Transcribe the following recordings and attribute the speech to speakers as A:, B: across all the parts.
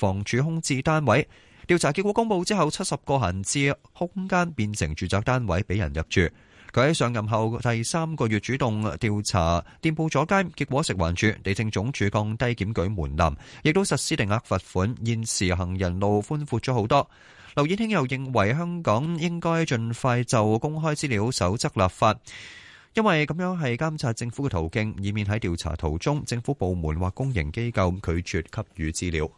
A: 房署空置單位調查結果公佈之後，七十個閒置空間變成住宅單位，俾人入住。佢喺上任後第三個月主動調查店鋪阻街，結果食環署地政總署降低檢舉門檻，亦都實施定額罰款。現時行人路寬闊咗好多。劉燕卿又認為香港應該盡快就公開資料守則立法，因為咁樣係監察政府嘅途徑，以免喺調查途中，政府部門或公營機構拒絕給予資料。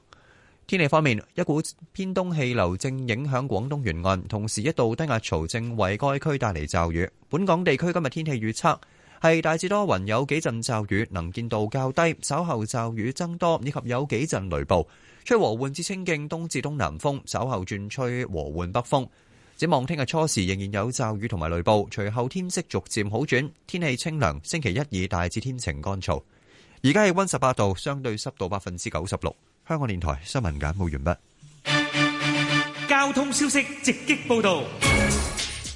A: 天氣方面，一股偏東氣流正影響廣東沿岸，同時一道低壓槽正為該區帶嚟驟雨。本港地區今日天，天氣預測係大致多雲，有幾陣驟雨，能見度較低。稍後驟雨增多，以及有幾陣雷暴。吹和緩至清勁東至東南風，稍後轉吹和緩北風。展望聽日初時仍然有驟雨同埋雷暴，隨後天色逐漸好轉，天氣清涼。星期一二大致天晴乾燥。而家氣溫十八度，相對濕度百分之九十六。香港電台新聞簡報完畢。交通消息直擊報道。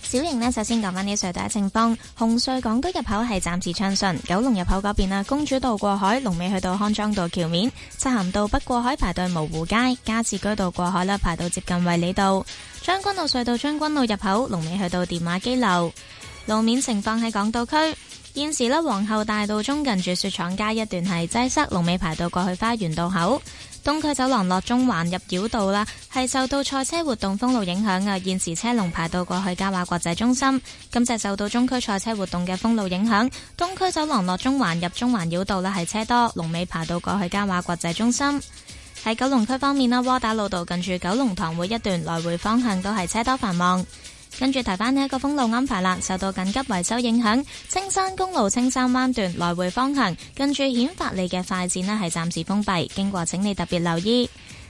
B: 小瑩呢，首先講翻啲隧道情況。紅隧港島入口係暫時暢順，九龍入口嗰邊啦，公主道過海，龍尾去到康莊道橋面；漆咸道北過海排隊蕪湖街，加士居道過海啦，排到接近衛理道；將軍澳隧道將軍澳入口龍尾去到電話機樓路面情況喺港島區。現時咧，皇后大道中近住雪廠街一段係擠塞，龍尾排到過去花園道口。東區走廊落中環入繞道啦，係受到賽車活動封路影響呀，現時車龍排到過去嘉華國際中心。噉就受到中區賽車活動嘅封路影響，東區走廊落中環入中環繞道啦，係車多，龍尾排到過去嘉華國際中心。喺九龍區方面啦，窩打老道近住九龍塘會一段來回方向都係車多繁忙。跟住提返呢一個封路安排啦，受到緊急維修影響，青山公路青山灣段來回方向，跟住顯發你嘅快線呢係暫時封閉，經過請你特別留意。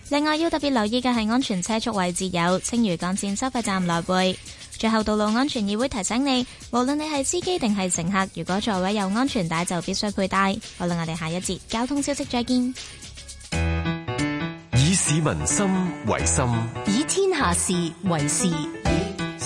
B: 另外要特別留意嘅係安全車速位置有青嶼幹線收費站來回。最後道路安全議會提醒你，無論你係司機定係乘客，如果座位有安全帶就必須佩戴。好啦，我哋下一節交通消息再見。
C: 以
A: 市民心為心，
B: 以天下事為事。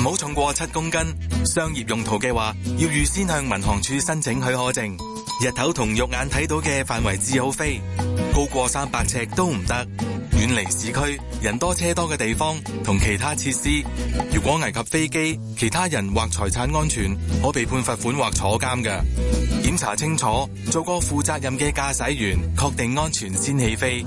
D: 唔好重過七公斤，商業用途嘅話要預先向民航處申請許可證。日頭同肉眼睇到嘅範圍至好飛，高過三百尺都唔
E: 得。遠離市區、人多車多嘅地方同其他設施。如果危及飛機、其他人或財產安全，可被判罰款或坐監嘅。檢查清楚，做個負責任嘅駕駛員，確定安全先起飛。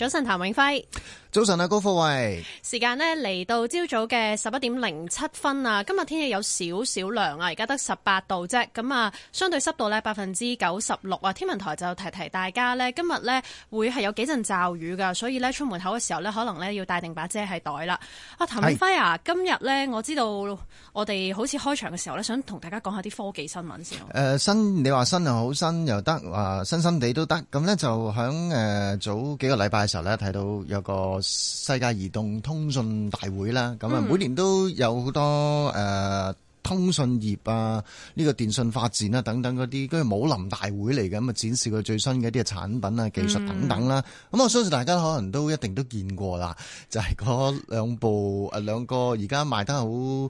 F: 早晨，譚永輝。
E: 早晨啊，高富慧，
F: 時間呢，嚟到朝早嘅十一點零七分啊，今日天氣有少少涼啊，而家得十八度啫，咁啊相對濕度呢，百分之九十六啊，天文台就提提大家呢，今日呢會係有幾陣驟雨噶，所以呢，出門口嘅時候呢，可能呢要帶定把遮喺袋啦。啊，譚偉輝啊，今日呢，我知道我哋好似開場嘅時候呢，想同大家講下啲科技新聞先。
E: 誒、呃，新你話新，新又好新又得，啊新新地都得，咁呢，就響誒早幾個禮拜嘅時候呢，睇到有個。世界移動通信大會啦，咁啊每年都有好多誒。呃通信業啊，呢個電信發展啊，等等嗰啲，跟住武林大會嚟嘅咁啊，展示佢最新嘅一啲產品啊、技術等等啦。咁、嗯、我相信大家可能都一定都見過啦，就係嗰兩部誒兩個而家賣得好誒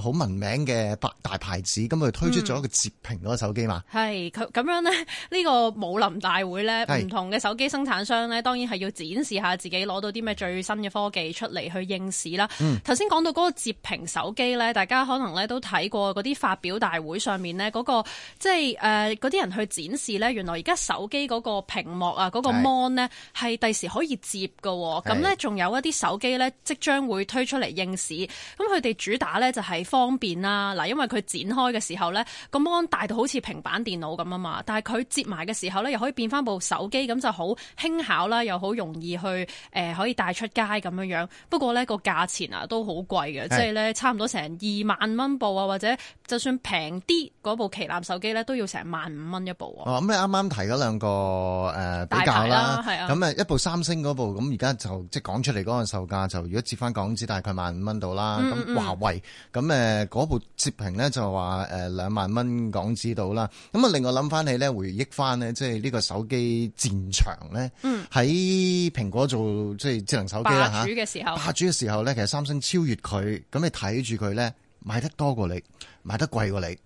E: 好聞名嘅百大牌子，咁佢推出咗一個截屏嗰個手機、嗯、嘛。
F: 係佢咁樣咧，呢、這個武林大會咧，唔同嘅手機生產商咧，當然係要展示下自己攞到啲咩最新嘅科技出嚟去應試啦。頭先講到嗰個折屏手機咧，大家可能咧都。都睇過啲發表大會上面咧，嗰個即係誒啲人去展示咧，原來而家手機嗰個屏幕啊，嗰個 mon 咧係第時可以折嘅，咁咧仲有一啲手機咧即將會推出嚟應市。咁佢哋主打咧就係方便啦，嗱，因為佢展開嘅時候咧個 mon 大到好似平板電腦咁啊嘛，但係佢折埋嘅時候咧又可以變翻部手機咁就好輕巧啦，又好容易去誒、呃、可以帶出街咁樣樣。不過咧個價錢啊都好貴嘅，即係咧差唔多成二萬蚊。或者就算平啲嗰部旗艦手機咧，都要成萬五蚊一部喎、哦。
E: 哦，咁你啱啱提咗兩個誒比較啦，係啊。咁一部三星嗰部，咁而家就即係講出嚟嗰個售價，就如果折翻港紙，大概萬五蚊到啦。咁、嗯、華、嗯、為，咁誒嗰部折屏咧，就話誒兩萬蚊港紙到啦。咁啊，另外諗翻起咧，回憶翻咧，即係呢個手機戰場咧，喺、嗯、蘋果做即係智能手機啦吓。霸主嘅時候，霸主嘅時候咧，其實三星超越佢，咁你睇住佢咧。買得多過你，買得貴過你，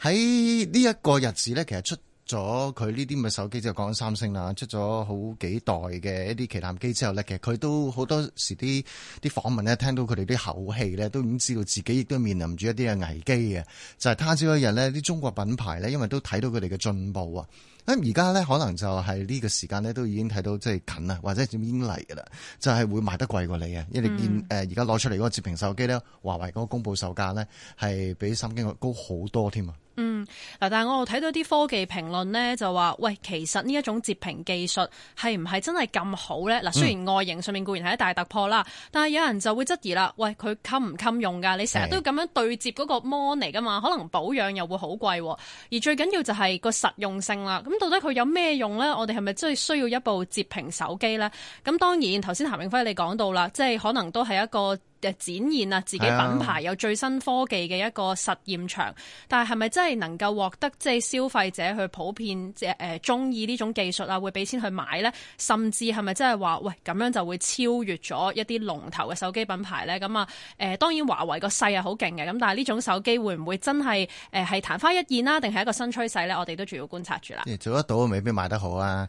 E: 喺呢一個日子咧，其實出咗佢呢啲咪手機就講緊三星啦，出咗好幾代嘅一啲旗艦機之後咧，其實佢都好多時啲啲訪問咧，聽到佢哋啲口氣咧，都已經知道自己亦都面臨住一啲嘅危機嘅。就係、是、他朝一日呢啲中國品牌咧，因為都睇到佢哋嘅進步啊。咁而家咧，可能就係呢個時間咧，都已經睇到即係近啊，或者已經嚟噶啦，就係、是、會賣得貴過你嘅，因為見誒而家攞出嚟嗰個折屏手機咧，華為嗰個公佈售價呢咧，係比三星高好多添啊！
F: 嗯，嗱，但係我又睇到啲科技評論咧，就話喂，其實呢一種截屏技術係唔係真係咁好咧？嗱，雖然外形上面固然係一大突破啦，嗯、但係有人就會質疑啦，喂，佢禁唔禁用噶？你成日都咁樣對接嗰個 mon 嚟噶嘛，可能保養又會好貴，啊，而最緊要就係個實用性啦。咁到底佢有咩用咧？我哋係咪真係需要一部截屏手機咧？咁當然，頭先譚永輝你講到啦，即係可能都係一個。嘅展現啊，自己品牌有最新科技嘅一個實驗場，啊、但係係咪真係能夠獲得即係消費者去普遍即係中意呢種技術啊？會俾錢去買呢？甚至係咪真係話喂咁樣就會超越咗一啲龍頭嘅手機品牌呢？嗯，咁啊誒當然華為個勢係好勁嘅，咁但係呢種手機會唔會真係誒係曇花一現啦？定係一個新趨勢呢？我哋都仲要觀察住啦。
E: 做得到未必賣得好啊！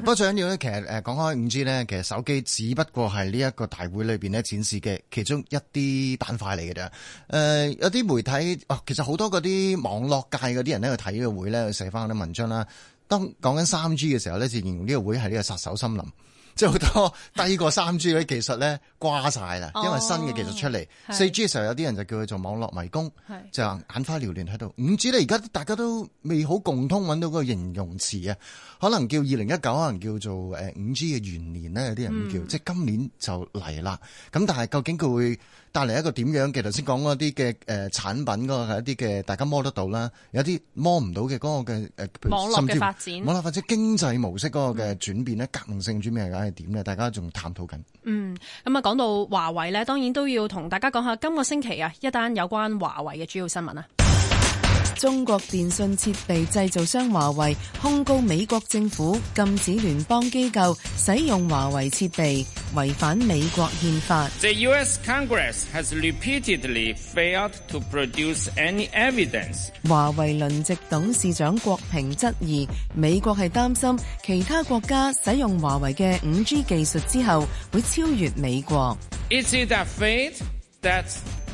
E: 不過最緊要咧，其實誒講開 5G 呢，其實手機只不過係呢一個大會裏邊咧展示嘅其一啲板塊嚟嘅啫，誒有啲媒體，哦，其實好多嗰啲網絡界嗰啲人咧去睇呢個會咧，去寫翻啲文章啦。當講緊三 G 嘅時候咧，就形容呢個會係呢個殺手森林。即係好多低過三 G 嗰啲技術咧，瓜晒啦，因為新嘅技術出嚟。四 G 嘅時候有啲人就叫佢做網絡迷宮，就眼花繚亂喺度。五 G 咧，而家大家都未好共通搵到個形容詞啊，可能叫二零一九，可能叫做誒五 G 嘅元年咧，有啲人叫，嗯、即係今年就嚟啦。咁但係究竟佢會？帶嚟一個點樣嘅？頭先講嗰啲嘅誒產品嗰個係一啲嘅，大家摸得到啦，有啲摸唔到嘅嗰、嗰個嘅誒，甚至乎網絡嘅發展，網絡發展經濟模式嗰個嘅轉變咧、嗯，革命性轉變係點咧？大家仲
G: 探討緊。嗯，
F: 咁啊，講到華為咧，當然都要同大家講下今個星期啊一單有關華為嘅主要新聞啊。
G: 中國電信設備製造商華為，控告美國政府禁止聯邦機構使用華為設備，違反美國憲法。
D: 華
G: 為輪值董事長郭平質疑，美國係擔心其他國家使用華為嘅 5G 技術之後會超越美國。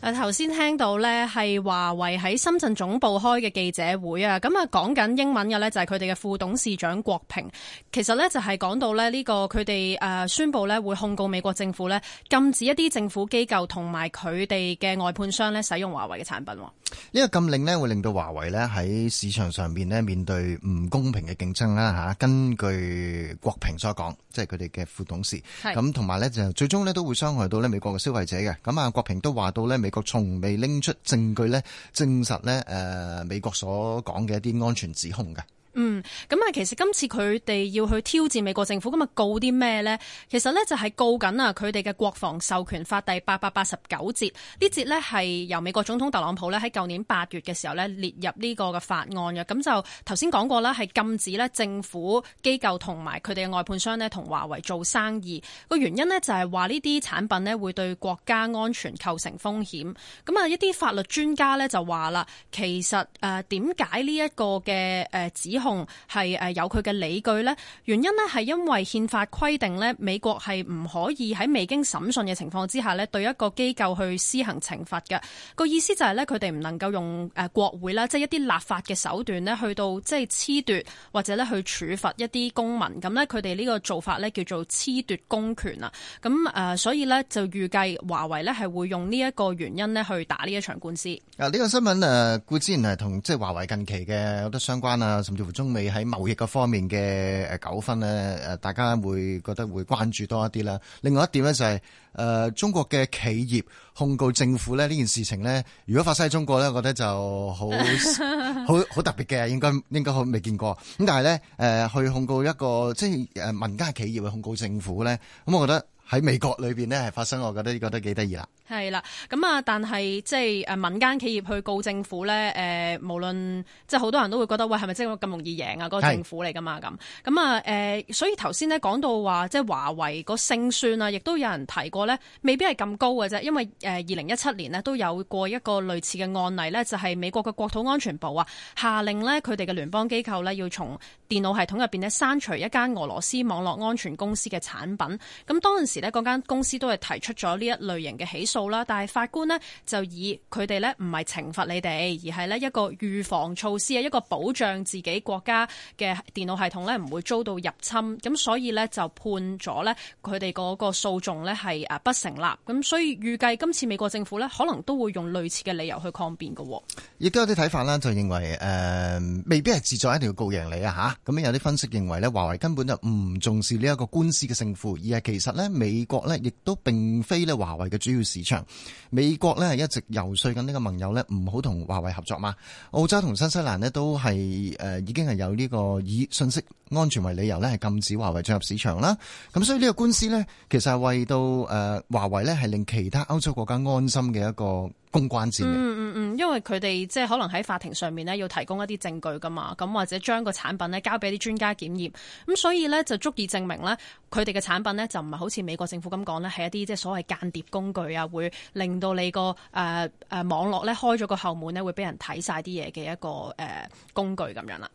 F: 誒，頭先聽到呢係華為喺深圳總部開嘅記者會啊，咁啊講緊英文嘅呢就係佢哋嘅副董事長郭平，其實呢，就係講到呢呢個佢哋誒宣布呢會控告美國政府呢禁止一啲政府機構同埋佢哋嘅外判商呢使用華為嘅產品。
E: 呢個禁令呢會令到華為呢喺市場上面呢面對唔公平嘅競爭啦嚇。根據郭平所講，即係佢哋嘅副董事，咁同埋呢就最終呢都會傷害到呢美國嘅消費者嘅。咁啊郭平都話到呢。美國從未拎出證據咧證實咧誒美國所講嘅一啲安全指控嘅。
F: 嗯，咁啊，其實今次佢哋要去挑戰美國政府，咁啊告啲咩咧？其實咧就係告緊啊，佢哋嘅國防授權法第八百八十九節呢節咧係由美國總統特朗普咧喺舊年八月嘅時候咧列入呢個嘅法案嘅。咁就頭先講過啦，係禁止咧政府機構同埋佢哋嘅外判商咧同華為做生意個原因咧就係話呢啲產品咧會對國家安全構成風險。咁啊，一啲法律專家咧就話啦，其實誒點解呢一個嘅誒指？指控係誒有佢嘅理據呢？原因呢係因為憲法規定呢，美國係唔可以喺未經審訊嘅情況之下呢，對一個機構去施行懲罰嘅。個意思就係呢，佢哋唔能夠用誒國會啦，即係一啲立法嘅手段呢，去到即係褫奪或者呢去處罰一啲公民。咁呢，佢哋呢個做法呢，叫做褫奪公權啊。咁誒，所以呢，就預計華為呢係會用呢一個原因呢去打呢一場官司。
E: 啊，呢個新聞誒固之然係同即係華為近期嘅有啲相關啊，甚至。中美喺貿易方面嘅誒糾紛咧，誒，大家會覺得會關注多一啲啦。另外一點咧就係、是、誒、呃，中國嘅企業控告政府咧呢件事情咧，如果發生喺中國咧，我覺得就好好好特別嘅，應該應該好未見過咁。但係咧誒，去控告一個即係誒，民間企業去控告政府咧，咁我覺得喺美國裏邊咧係發生，我覺得覺得幾得意啦。
F: 係啦，咁啊，但係即係民間企業去告政府咧，誒、呃、無論即係好多人都會覺得，喂，係咪即係咁容易贏啊？嗰、那個政府嚟噶嘛，咁咁啊，誒、呃，所以頭先咧講到話，即係華為個勝算啊，亦都有人提過咧，未必係咁高嘅啫，因為誒二零一七年呢，都有過一個類似嘅案例咧，就係、是、美國嘅國土安全部啊，下令咧佢哋嘅聯邦機構咧要從電腦系統入邊咧刪除一間俄羅斯網絡安全公司嘅產品，咁當時呢，嗰間公司都係提出咗呢一類型嘅起訴。啦，但係法官呢，就以佢哋呢唔係懲罰你哋，而係呢一個預防措施啊，一個保障自己國家嘅電腦系統呢唔會遭到入侵。咁所以呢，就判咗呢佢哋嗰個訴訟呢係不成立。咁所以預計今次美國政府呢，可能都會用類似嘅理由去抗辯噶。
E: 亦都有啲睇法啦，就認為誒、呃、未必係志在一定要告贏你啊吓。咁有啲分析認為呢，華為根本就唔重視呢一個官司嘅勝負，而係其實呢，美國呢亦都並非呢華為嘅主要市場。美國咧係一直游說緊呢個盟友咧唔好同華為合作嘛，澳洲同新西蘭呢都係誒已經係有呢個以信息安全為理由咧係禁止華為進入市場啦，咁所以呢個官司呢，其實係為到誒華為咧係令其他歐洲國家安心嘅一個。公關戰嘅，嗯嗯
F: 嗯，因為佢哋即係可能喺法庭上面呢，要提供一啲證據噶嘛，咁或者將個產品呢交俾啲專家檢驗，咁所以呢，就足以證明呢，佢哋嘅產品呢，就唔係好似美國政府咁講呢，係一啲即係所謂間諜工具啊，會令到你個誒誒網絡呢開咗個後門呢，會俾人睇晒啲嘢嘅一個誒工具咁樣啦。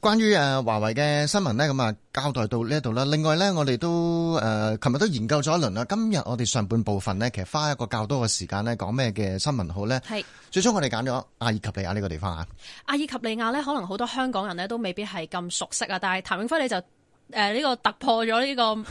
E: 關於誒華為嘅新聞呢，咁啊。交代到呢一度啦。另外咧，我哋都誒，琴日都研究咗一輪啦。今日我哋上半部分咧，其實花一個較多嘅時間咧，講咩嘅新聞好咧？係最終我哋揀咗阿爾及利亞呢個地方
F: 啊。阿爾及利亞咧，可能好多香港人咧都未必係咁熟悉啊。但係譚永輝，你就。誒、呃，呢、這個突破咗呢個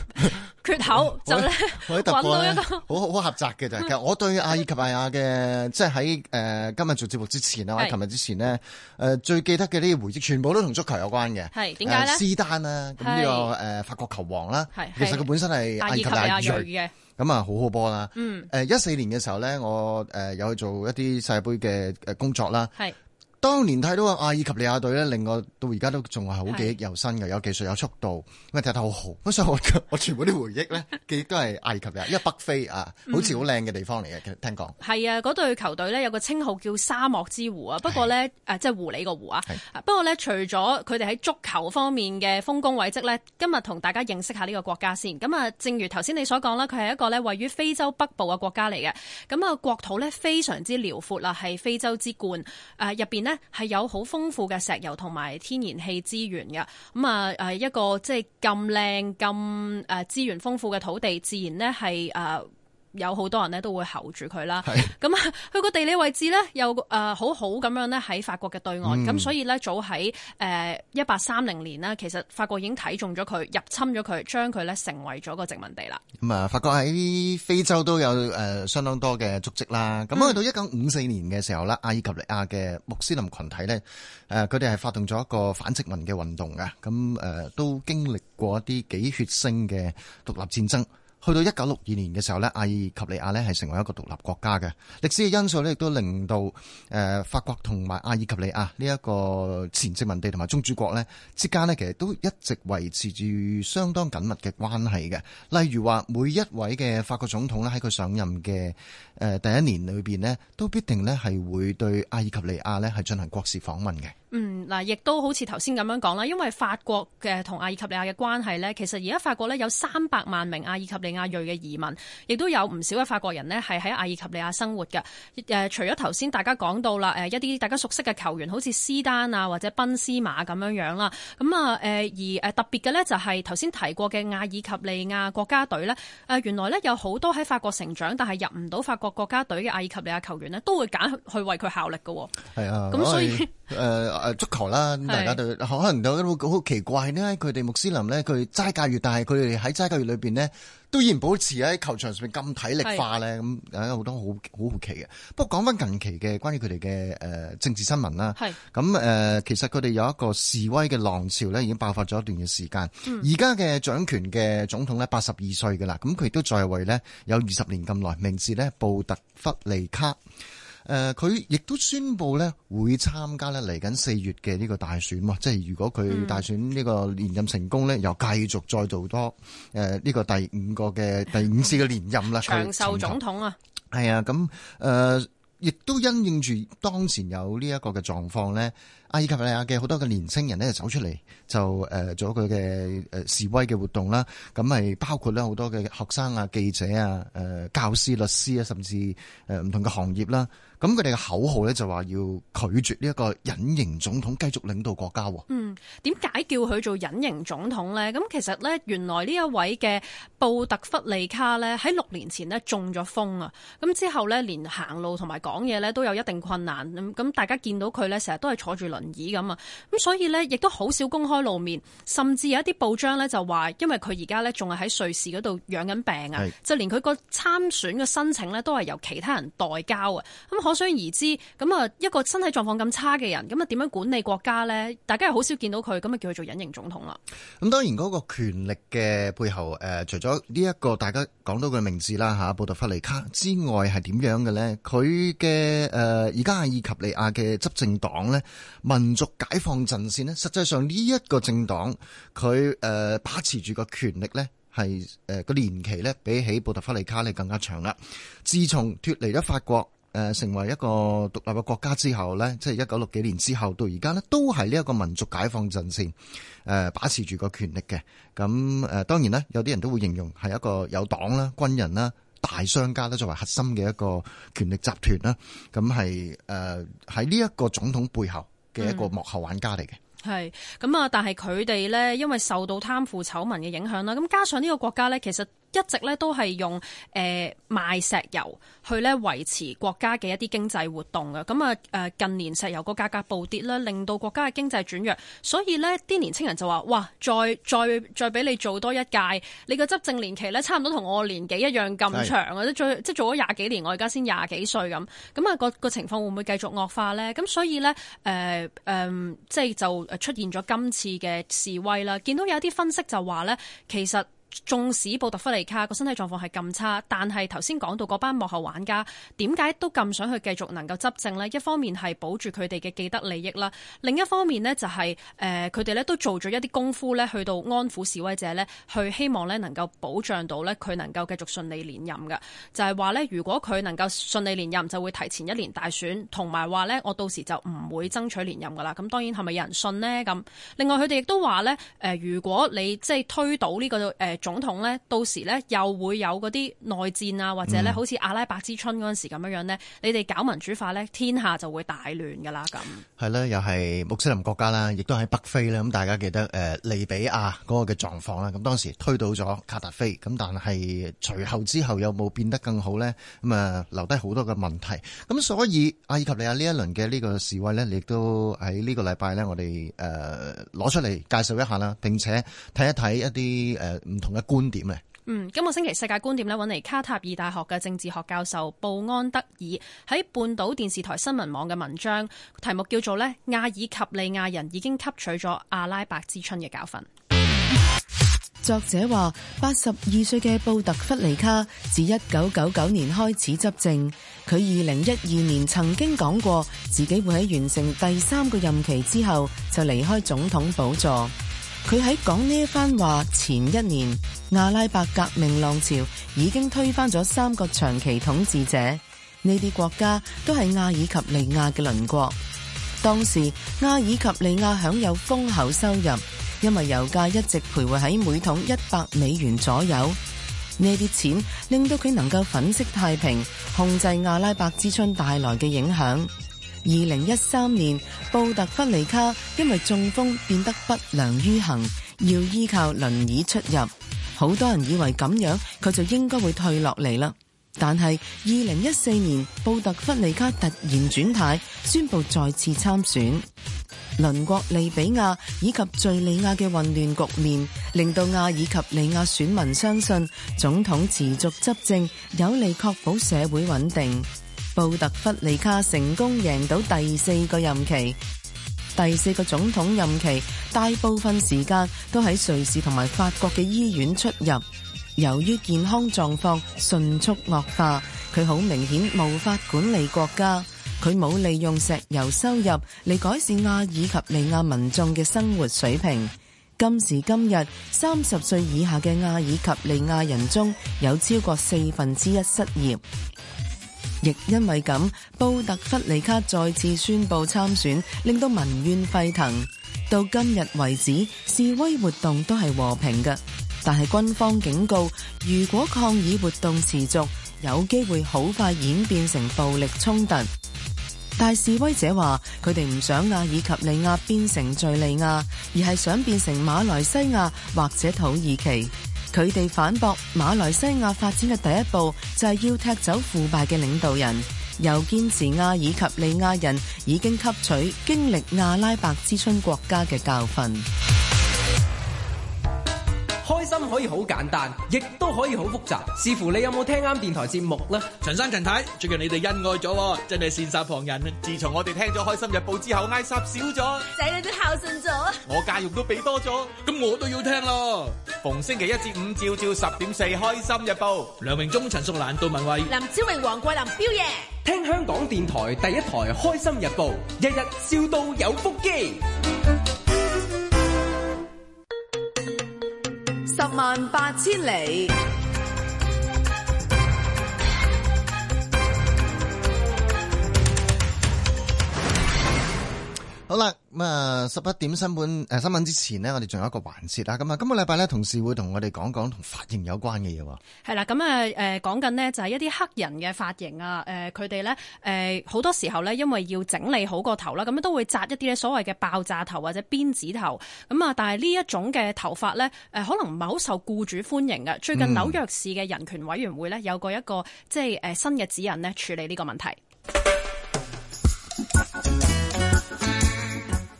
F: 缺口， 就咧
E: 搵 到一個好好狹窄嘅就。 其實我對阿爾及利亞嘅，即係喺誒今日做節目之前啦，或者琴日之前呢，誒、呃、最記得嘅啲回憶，全部都同足球有關嘅。係點解咧？斯丹啦，咁、啊、呢、這個誒、呃、法國球王啦，其實佢本身係阿爾及利亞裔嘅，咁啊好好波啦。嗯。誒、呃，一四年嘅時候咧，我誒、呃、有去做一啲世杯嘅誒工作啦。係。當年睇到阿爾及利亞隊呢，令我到而家都仲係好記憶猶新嘅，有技術有速度，咁啊踢得好好。所以我我全部啲回憶呢， 記憶都係阿爾及利亞，因為北非像、嗯、啊，好似好靚嘅地方嚟嘅。聽講
F: 係啊，嗰隊球隊呢，有個稱號叫沙漠之湖啊，不過呢，是啊、即係湖裏個湖啊。不過呢，除咗佢哋喺足球方面嘅豐功偉績呢，今日同大家認識下呢個國家先。咁啊，正如頭先你所講啦，佢係一個呢位於非洲北部嘅國家嚟嘅。咁啊，國土呢，非常之遼闊啦，係非洲之冠。入、啊、邊係有好豐富嘅石油同埋天然氣資源嘅，咁啊誒一個即係咁靚咁誒資源豐富嘅土地，自然咧係誒。有好多人都會候住佢啦，咁啊，佢個地理位置呢，又誒好好咁樣呢喺法國嘅對岸，咁、嗯、所以呢，早喺誒一八三零年呢，其實法國已經睇中咗佢，入侵咗佢，將佢呢成為咗個殖民地啦。
E: 咁啊，法國喺非洲都有誒相當多嘅足跡啦。咁、嗯、去到一九五四年嘅時候啦，阿爾及利亞嘅穆斯林群體呢，誒佢哋係發動咗一個反殖民嘅運動嘅，咁誒都經歷過一啲幾血腥嘅獨立戰爭。去到一九六二年嘅時候咧，阿爾及利亞呢係成為一個獨立國家嘅歷史嘅因素咧，亦都令到誒法國同埋阿爾及利亞呢一個前殖民地同埋宗主國呢之間呢，其實都一直維持住相當緊密嘅關係嘅。例如話，每一位嘅法國總統呢喺佢上任嘅誒第一年裏邊呢，都必定呢係會對阿爾及利亞呢係進行國事訪問嘅。
F: 嗯，嗱，亦都好似頭先咁樣講啦，因為法國嘅同阿爾及利亞嘅關係呢，其實而家法國呢有三百萬名阿爾及利亞裔嘅移民，亦都有唔少嘅法國人呢係喺阿爾及利亞生活嘅。除咗頭先大家講到啦，一啲大家熟悉嘅球員，好似斯丹啊或者賓斯馬咁樣樣啦，咁啊而特別嘅呢就係頭先提過嘅阿爾及利亞國家隊呢。原來呢，有好多喺法國成長但係入唔到法國國家隊嘅阿爾及利亞球員呢，都會揀去為佢效力嘅喎。
E: 係啊，咁、嗯、所以。誒、呃、誒足球啦，咁大家都可能有一啲好奇怪呢，佢哋穆斯林呢，佢齋戒月，但係佢哋喺齋戒月裏邊呢，都依然保持喺球場上面咁體力化咧，咁有好多好好好奇嘅。不過講翻近期嘅關於佢哋嘅誒政治新聞啦，咁誒、呃、其實佢哋有一個示威嘅浪潮呢已經爆發咗一段嘅時間。而家嘅掌權嘅總統呢，八十二歲嘅啦，咁佢亦都在位呢，有二十年咁耐，名字呢，布特弗利卡。誒、呃，佢亦都宣佈咧會參加咧嚟緊四月嘅呢個大選喎。即係如果佢大選呢個連任成功咧、嗯，又繼續再做多誒呢、呃這個第五個嘅 第五次嘅連任啦，長壽總統啊，係啊，咁誒亦都因應住當前有呢一個嘅狀況咧。阿爾及利亞嘅好多嘅年青人咧，就走出嚟就誒做佢嘅誒示威嘅活動啦。咁係包括咧好多嘅學生啊、記者啊、誒教師、律師啊，甚至誒唔同嘅行業啦。咁佢哋嘅口號咧就話要拒絕呢一個隱形總統繼續領導國家喎。嗯，
F: 點解叫佢做隱形總統呢？咁其實呢，原來呢一位嘅布特弗利卡呢，喺六年前咧中咗風啊。咁之後呢，連行路同埋講嘢呢，都有一定困難。咁咁大家見到佢呢，成日都係坐住輪輪椅咁啊，咁所以咧，亦都好少公開露面，甚至有一啲報章咧就話，因為佢而家咧仲係喺瑞士嗰度養緊病啊，就連佢個參選嘅申請呢都係由其他人代交啊。咁可想而知，咁啊一個身體狀況咁差嘅人，咁啊點樣管理國家咧？大家又好少見到佢，咁啊叫佢做隱形總統啦。
E: 咁當然嗰、那個權力嘅背後，誒、呃、除咗呢一個大家講到嘅名字啦，吓、啊、布特弗利卡之外，係點樣嘅咧？佢嘅誒而家阿爾及利亞嘅執政黨咧？民族解放陣線呢，實際上呢一個政黨，佢誒、呃、把持住個權力呢，係誒個年期呢，比起布特弗利卡利更加長啦。自從脫離咗法國、呃、成為一個獨立嘅國家之後呢，即係一九六幾年之後到而家呢，都係呢一個民族解放陣線誒、呃、把持住個權力嘅。咁誒、呃、當然呢有啲人都會形容係一個有黨啦、軍人啦、大商家啦作為核心嘅一個權力集團啦。咁係誒喺呢一個總統背後。嘅一個幕後玩家嚟嘅。
F: 係咁啊！但係佢哋咧，因為受到貪腐醜聞嘅影響啦，咁加上呢個國家咧，其實一直咧都係用誒、呃、賣石油去咧維持國家嘅一啲經濟活動嘅。咁啊誒，近年石油個價格暴跌啦，令到國家嘅經濟轉弱，所以呢啲年青人就話：「哇！再再再俾你做多一屆，你個執政年期咧，差唔多同我年紀一樣咁長啊！即最即做咗廿幾年，我而家先廿幾歲咁。咁啊個個情況會唔會繼續惡化咧？咁所以咧誒誒，即就。出現咗今次嘅示威啦，見到有啲分析就話咧，其實。縱使布特弗利卡個身體狀況係咁差，但係頭先講到嗰班幕後玩家點解都咁想去繼續能夠執政呢？一方面係保住佢哋嘅既得利益啦，另一方面呢、就係，就係誒佢哋呢都做咗一啲功夫呢去到安撫示威者呢去希望呢能夠保障到呢佢能夠繼續順利連任嘅。就係、係、話呢如果佢能夠順利連任，就會提前一年大選，同埋話呢我到時就唔會爭取連任噶啦。咁當然係咪有人信呢？咁另外佢哋亦都話呢誒，如果你即係推倒呢、呢個誒。呃總統咧，到時咧又會有嗰啲內戰啊，或者咧好似阿拉伯之春嗰陣時咁樣樣咧，你哋搞民主化呢，天下就會大亂噶啦咁。
E: 係啦，又係穆斯林國家啦，亦都喺北非啦。咁大家記得誒利比亞嗰個嘅狀況啦。咁當時推倒咗卡達菲，咁但係隨後之後有冇變得更好呢？咁啊留低好多嘅問題。咁所以阿爾及利亞呢一輪嘅呢個示威咧，亦都喺呢個禮拜呢，我哋誒攞出嚟介紹一下啦，並且睇一睇一啲誒唔同同嘅觀點咧，
F: 嗯，今個星期世界觀點咧，揾嚟卡塔爾大學嘅政治學教授布安德爾喺半島電視台新聞網嘅文章，題目叫做咧，阿爾及利亞人已經吸取咗阿拉伯之春嘅教訓。
G: 作者話，八十二歲嘅布特弗利卡自一九九九年開始執政，佢二零一二年曾經講過，自己會喺完成第三個任期之後就離開總統寶座。佢喺講呢一番話前一年，阿拉伯革命浪潮已經推翻咗三個長期統治者。呢啲國家都係阿爾及利亞嘅鄰國。當時阿爾及利亞享有豐厚收入，因為油價一直徘徊喺每桶一百美元左右。呢啲錢令到佢能夠粉飾太平，控制阿拉伯之春帶來嘅影響。二零一三年，布特弗利卡因為中風變得不良於行，要依靠輪椅出入。好多人以為咁樣佢就應該會退落嚟啦。但係二零一四年，布特弗利卡突然轉態，宣布再次參選。鄰國利比亞以及敘利亞嘅混亂局面，令到阿爾及利亞選民相信總統持續執政，有利確保社會穩定。布特弗利卡成功贏到第四個任期，第四個總統任期大部分時間都喺瑞士同埋法國嘅醫院出入。由於健康狀況迅速惡化，佢好明顯無法管理國家。佢冇利用石油收入嚟改善阿爾及利亞民眾嘅生活水平。今時今日，三十歲以下嘅阿爾及利亞人中有超過四分之一失業。亦因為咁，布特弗利卡再次宣布參選，令到民怨沸騰。到今日為止，示威活動都係和平嘅，但係軍方警告，如果抗議活動持續，有機會好快演變成暴力衝突。但示威者話：佢哋唔想阿爾及利亞變成敘利亞，而係想變成馬來西亞或者土耳其。佢哋反駁，馬來西亞發展嘅第一步就係要踢走腐敗嘅領導人，又堅持阿爾及利亞人已經吸取經歷阿拉伯之春國家嘅教訓。
F: 可以
A: 好簡單，亦都可以好複雜，視乎你有冇聽啱電台節目啦。陳生陳太，最近你哋恩愛咗，真係羨煞旁人。自從我哋聽咗《開心日報》之後，挨殺少咗，
C: 仔女都孝順咗，
A: 我教育都俾多咗，咁我都要聽咯。逢星期一至五，朝朝十點四，《開心日報》。梁榮忠、陳淑蘭、杜文慧、
C: 林超榮、黃桂林、標爺，
A: 聽香港電台第一台《開心日報》，日日笑到有腹肌。
G: 十萬八千里。
E: 好啦，咁、嗯、啊，十一點新聞誒、呃，新聞之前呢，我哋仲有一個環節啦，咁啊，今個禮拜呢，同事會同我哋講講同髮型有關嘅嘢。
F: 係啦，咁、嗯、啊，誒，講緊呢就係一啲黑人嘅髮型啊，誒、嗯，佢哋呢，誒，好、嗯、多時候呢，因為要整理好個頭啦，咁樣都會紮一啲所謂嘅爆炸頭或者辮子頭，咁啊，但係呢一種嘅頭髮呢，誒，可能唔係好受僱主歡迎嘅。最近紐約市嘅人權委員會呢，有個一個即係誒新嘅指引呢，處理呢個問題。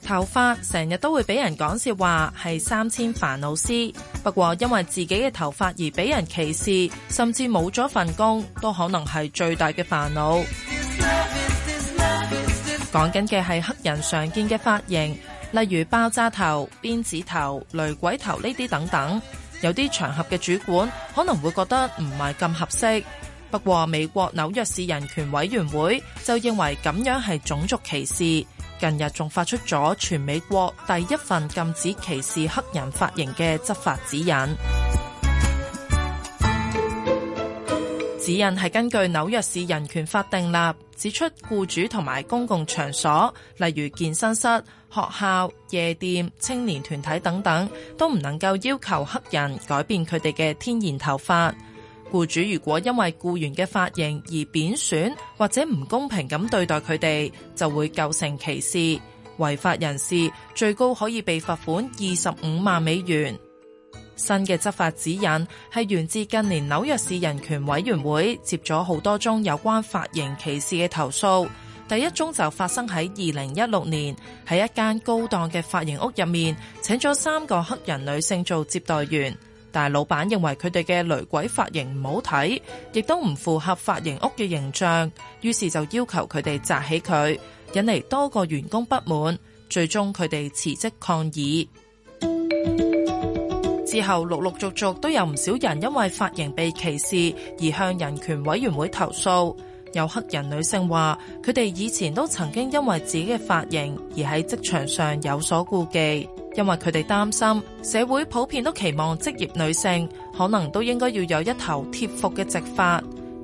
C: 頭髮成日都會俾人講笑話，係三千煩惱絲。不過因為自己嘅頭髮而俾人歧視，甚至冇咗份工，都可能係最大嘅煩惱。講緊嘅係黑人常見嘅髮型，例如爆炸頭、辮子頭、雷鬼頭呢啲等等。有啲場合嘅主管可能會覺得唔係咁合適。不過美國紐約市人權委員會就認為咁樣係種族歧視。近日仲發出咗全美國第一份禁止歧視黑人髮型嘅執法指引。指引係根據紐約市人權法定立，指出僱主同埋公共場所，例如健身室、學校、夜店、青年團體等等，都唔能夠要求黑人改變佢哋嘅天然頭髮。僱主如果因為僱員嘅髮型而貶損或者唔公平咁對待佢哋，就會構成歧視，違法人士最高可以被罰款二十五萬美元。新嘅執法指引係源自近年紐約市人權委員會接咗好多宗有關髮型歧視嘅投訴，第一宗就發生喺二零一六年，喺一間高檔嘅髮型屋入面，請咗三個黑人女性做接待員。但老闆認為佢哋嘅雷鬼髮型唔好睇，亦都唔符合髮型屋嘅形象，於是就要求佢哋紮起佢，引嚟多個員工不滿，最終佢哋辭職抗議。之後陸陸續續都有唔少人因為髮型被歧視而向人權委員會投訴。有黑人女性話，佢哋以前都曾經因為自己嘅髮型而喺職場上有所顧忌，因為佢哋擔心社會普遍都期望職業女性可能都應該要有一頭貼服嘅直髮，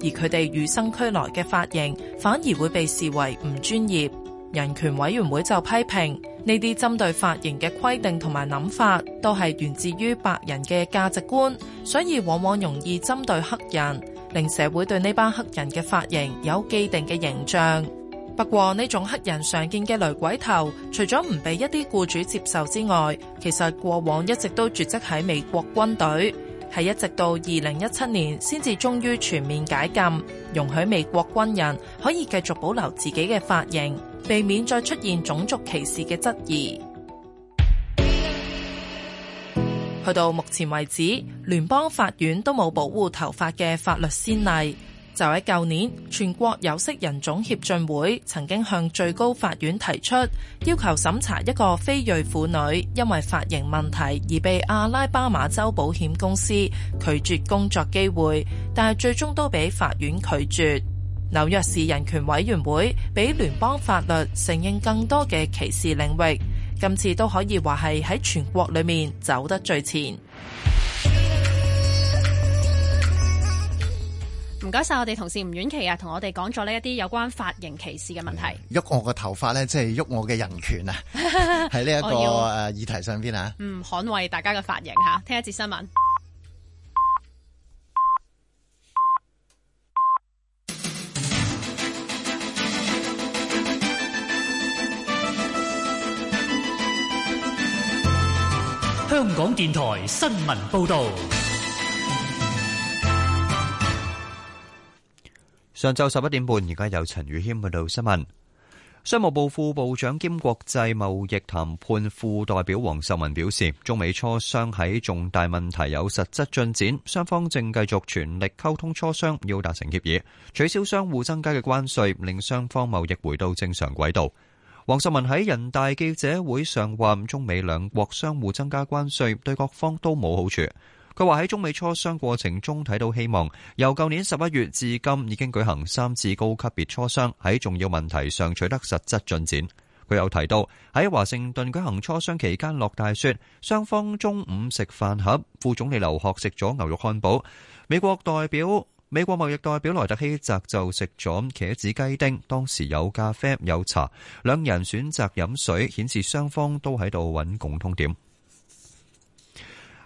C: 而佢哋與生俱來嘅髮型反而會被視為唔專業。人權委員會就批評呢啲針對髮型嘅規定同埋諗法，都係源自於白人嘅價值觀，所以往往容易針對黑人。令社會對呢班黑人嘅髮型有既定嘅形象。不過呢種黑人常見嘅雷鬼頭，除咗唔被一啲僱主接受之外，其實過往一直都絕跡喺美國軍隊，係一直到二零一七年先至終於全面解禁，容許美國軍人可以繼續保留自己嘅髮型，避免再出現種族歧視嘅質疑。去到目前為止，聯邦法院都冇保護頭髮嘅法律先例。就喺舊年，全國有色人種協進會曾經向最高法院提出要求審查一個非裔婦女因為髮型問題而被阿拉巴馬州保險公司拒絕工作機會，但係最終都俾法院拒絕。紐約市人權委員會比聯邦法律承認更多嘅歧視領域。今次都可以話係喺全國裏面走得最前。
F: 唔該晒我哋同事吳婉琪啊，同我哋講咗呢一啲有關髮型歧視嘅問題。
E: 喐我個頭髮咧，即係喐我嘅人權啊！
F: 喺呢一個
E: 誒議題上邊啊，
F: 唔、 嗯、捍衛大家嘅髮型吓，聽一節新聞。
A: 香港電台新聞報道：上晝十一點半，而家有陳宇謙報道新聞。商務部副部長兼國際貿易談判副代表王受文表示，中美磋商喺重大問題有實質進展，雙方正繼續全力溝通磋商，要達成協議，取消相互增加嘅關稅，令雙方貿易回到正常軌道。黃秀文喺人大記者會上話：中美兩國相互增加關稅，對各方都冇好處。佢話喺中美磋商過程中睇到希望，由舊年十一月至今已經舉行三次高級別磋商，喺重要問題上取得實質進展。佢又提到喺華盛頓舉行磋商期間落大雪，雙方中午食飯盒，副總理劉鶴食咗牛肉漢堡，美國代表。美國貿易代表萊特希澤就食咗茄子雞丁，當時有咖啡、有茶，兩人選擇飲水，顯示雙方都喺度揾共通點。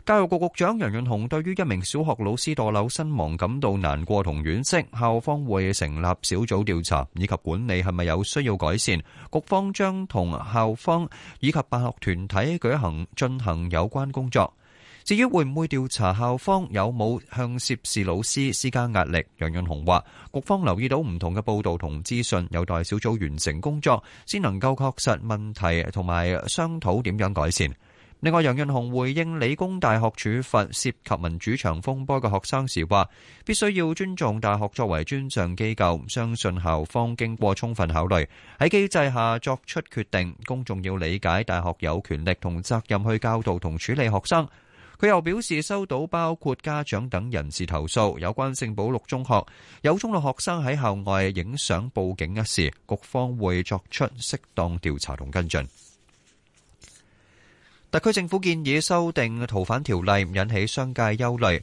A: 教育局局長楊潤雄對於一名小學老師墮樓身亡感到難過同惋惜，校方會成立小組調查以及管理係咪有需要改善，局方將同校方以及辦學團體舉行進行有關工作。至於會唔會調查校方有冇向涉事老師施加壓力？楊潤雄話：局方留意到唔同嘅報道同資訊，有待小組完成工作，先能夠確實問題同埋商討點樣改善。另外，楊潤雄回應理工大學處罰涉及民主牆風波嘅學生時話：必須要尊重大學作為專上機構，相信校方經過充分考慮喺機制下作出決定，公眾要理解大學有權力同責任去教導同處理學生。佢又表示收到包括家長等人士投訴，有關聖保祿中學有中六學生喺校外影相報警一事，局方會作出適當調查同跟進。特區政府建議修訂逃犯條例，引起商界憂慮。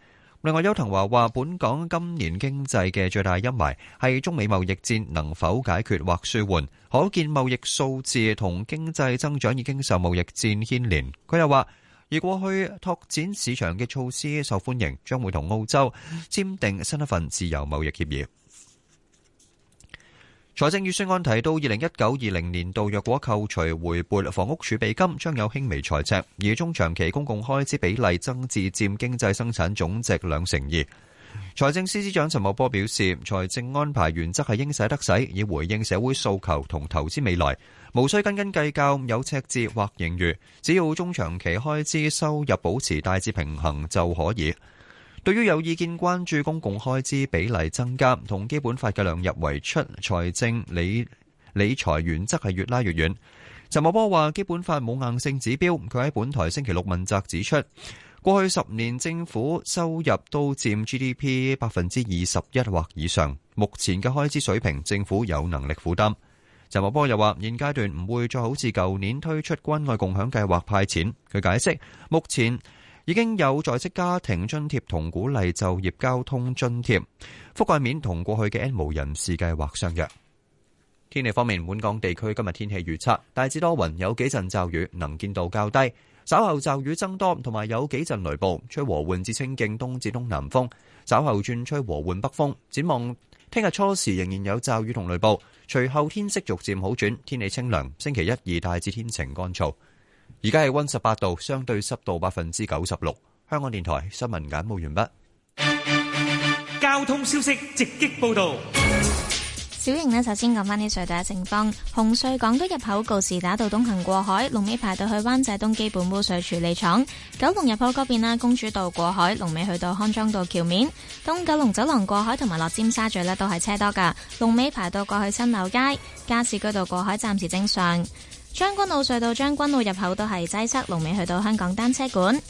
A: 另外，邱騰華話，本港今年經濟嘅最大陰霾係中美貿易戰能否解決或舒緩，可見貿易數字同經濟增長已經受貿易戰牽連。佢又話，而過去拓展市場嘅措施受歡迎，將會同澳洲簽訂新一份自由貿易協議。財政預算案提到，二零一九二零年度，若果扣除回撥房屋儲備金，將有輕微財赤，而中長期公共開支比例增至佔經濟生產總值兩成二。財政司司長陳茂波表示，財政安排原則係應使得使，以回應社會訴求同投資未來，無需斤斤計較，有赤字或盈餘，只要中長期開支收入保持大致平衡就可以。對於有意見關注公共開支比例增加同基本法嘅量入為出財政理理財原則係越拉越遠。陳茂波話：基本法冇硬性指標。佢喺本台星期六問責指出，過去十年政府收入都佔 GDP 百分之二十一或以上，目前嘅開支水平政府有能力負擔。陳茂波又話：現階段唔會再好似舊年推出關愛共享計劃派錢。佢解釋目前，已經有在職家庭津貼同鼓勵就業交通津貼覆蓋面同過去嘅 N 無人士計劃相約。天氣方面，本港地區今日天氣預測大致多雲，有幾陣驟雨，能見度較低。稍後驟雨增多，同埋有幾陣雷暴，吹和緩至清勁東至東南風。稍後轉吹和緩北風。展望聽日初時仍然有驟雨同雷暴，隨後天色逐漸好轉，天氣清涼。星期一、二大致天晴乾燥。而家係温十八度，相對濕度百分之九十六。香港電台新聞簡報完畢。交通消息直擊報道。
B: 小瑩呢，首先講翻啲隧道情況。紅隧港島入口告士打道東行過海，龍尾排到去灣仔東基本污水處理廠。九龍入口嗰邊啦，公主道過海，龍尾去到康莊道橋面。東九龍走廊過海同埋落尖沙咀呢，都係車多噶，龍尾排到過去新樓街、加士居道過海，暫時正常。將軍澳隧道將軍澳入口都係擠塞，龍尾去到香港單車館。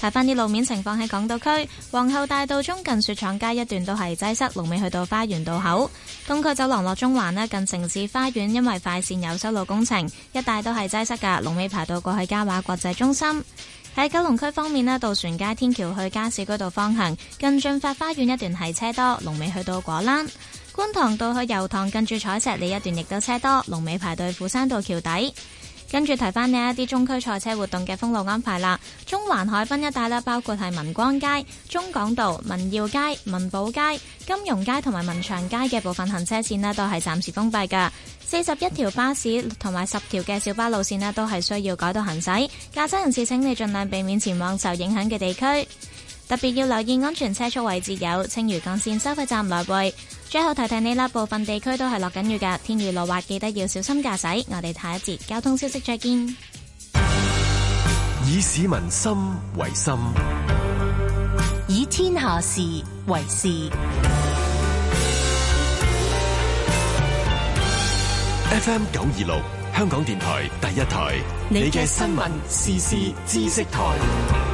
B: 睇翻啲路面情況喺港島區，皇后大道中近雪廠街一段都係擠塞，龍尾去到花園道口。東區走廊落中環呢，近城市花園，因為快線有修路工程，一帶都係擠塞㗎，龍尾排到過去嘉華國際中心。喺九龍區方面呢，渡船街天橋去加士居道方向，近駿發花園一段係車多，龍尾去到果欄。觀塘到去油塘，跟住彩石呢一段亦都車多，龍尾排隊。釜山道橋底，跟住提翻呢一啲中區賽車活動嘅封路安排啦。中環海濱一帶啦，包括係民光街、中港道、民耀街、民寶街、金融街同埋民祥街嘅部分行車線呢都係暫時封閉噶。四十一條巴士同埋十條嘅小巴路線呢都係需要改道行駛。駕駛人士請你盡量避免前往受影響嘅地區。特別要留意安全車速位置，有青嶼幹線收費站來回。最後提提你啦，部分地區都係落緊雨噶，天雨路滑，記得要小心駕駛。我哋下一節交通消息再見。
A: 以市民心為心，
B: 以天
G: 下事為事。
A: FM 九二六香港電台第一台，
G: 你嘅新
E: 聞時事知識台。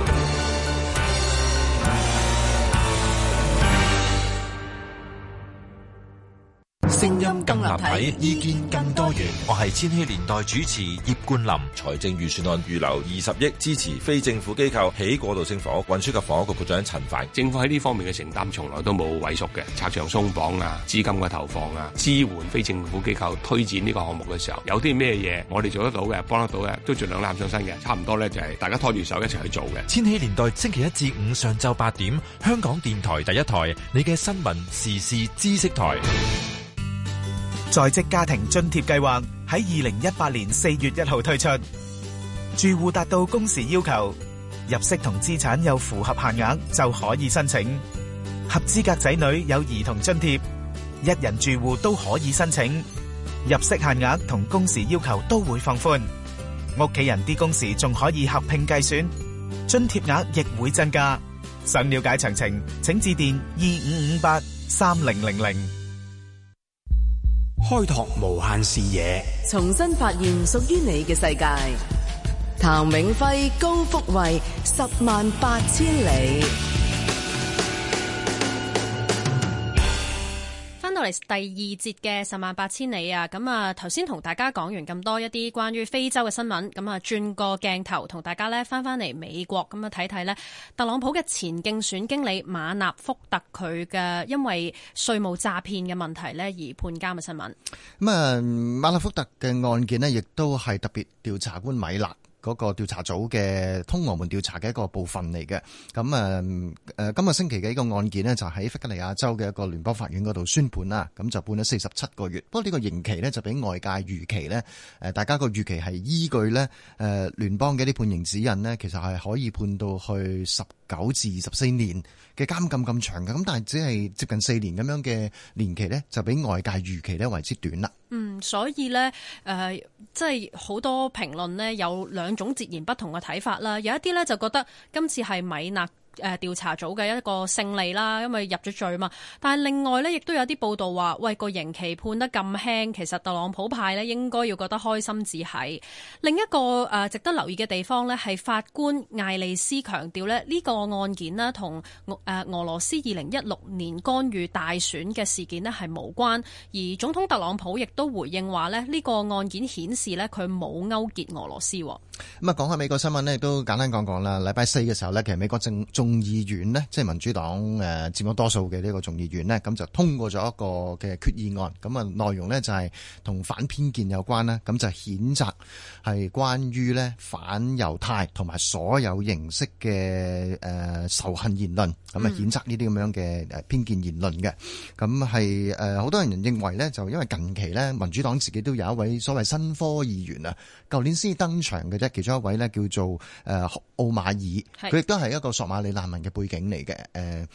E: 聲音
D: 更立體，意見更多元。我係千禧年代主持葉冠霖。財政預算案預留二十億支持非政府機構起過渡性房屋。運輸及房屋局局長陳帆。政府喺呢方面嘅承擔從來都冇萎縮嘅，拆牆鬆綁啊，資金嘅投放啊，支援非政府機構推展呢個項目嘅時候，有啲咩嘢我哋做得到嘅，幫得到嘅，都盡量攬上身嘅。差唔多咧，就係大家拖住手一齊去做嘅。千禧年代星期一至五上晝八點，香港電台第一台，你嘅新聞時事知識台。在職家庭津貼計劃喺二零一八年四月一號推出，住戶達到工時要求、入息同資產又符合限額就可以申請。合資格仔女有兒童津貼，一人住戶都可以申請。入息限額同工時要求都會放寬，屋企人啲工時仲可以合併計算，津貼額亦會增加。想了解詳情，請致電二五五八三零零零。開拓無限視野，
G: 重新發現屬於你嘅世界。譚永輝、高福慧，十萬八千里。
F: 嚟第二節嘅十萬八千里啊！咁啊，頭先同大家講完咁多一啲關於非洲嘅新聞，咁啊，轉個鏡頭同大家呢翻翻嚟美國，咁啊睇睇呢特朗普嘅前競選經理馬納福特佢嘅因為稅務詐騙嘅問題呢而判監嘅新聞。
E: 咁啊，馬納福特嘅案件呢，亦都係特別調查官米勒，嗰、那個調查組嘅通俄門調查嘅一個部分嚟嘅，咁誒誒，今日星期嘅呢個案件呢，就喺、是、弗吉尼亞州嘅一個聯邦法院嗰度宣判啦，咁就判咗四十七個月。不過呢個刑期呢，就比外界預期呢，誒、呃、大家個預期係依據呢誒、呃、聯邦嘅呢判刑指引呢，其實係可以判到去十九至二十四年。嘅監禁咁長嘅，咁但係只係接近四年咁樣嘅年期呢，就比外界預期呢為之短啦。嗯，
F: 所以呢，誒、呃，即係好多評論呢，有兩種截然不同嘅睇法啦。有一啲呢，就覺得今次係米納，誒調查組嘅一個勝利啦，因為入咗罪嘛。但係另外呢，亦都有啲報道話，喂，個刑期判得咁輕，其實特朗普派呢應該要覺得開心至係。另一個誒值得留意嘅地方呢，係法官艾利斯強調呢，呢個案件啦，同俄羅斯二零一六年干預大選嘅事件呢係無關。而總統特朗普亦都回應話呢，呢個案件顯示呢，佢冇勾結俄羅斯。咁啊，
E: 講下美國新聞咧，都簡單講講啦。禮拜四嘅時候咧，其實美國眾眾議院呢，即係民主黨誒佔咗多數嘅呢個眾議院呢，咁就通過咗一個嘅決議案。咁啊，內容呢就係同反偏見有關啦。咁就譴責係關於呢反猶太同埋所有形式嘅誒仇恨言論。咁、嗯、啊，譴責呢啲咁樣嘅誒偏見言論嘅。咁係誒好多人認為呢，就因為近期呢，民主黨自己都有一位所謂新科議員啊，舊年先登場嘅。其中一位咧叫做誒奧馬爾，佢亦都係一個索馬里難民嘅背景嚟嘅。誒、呃、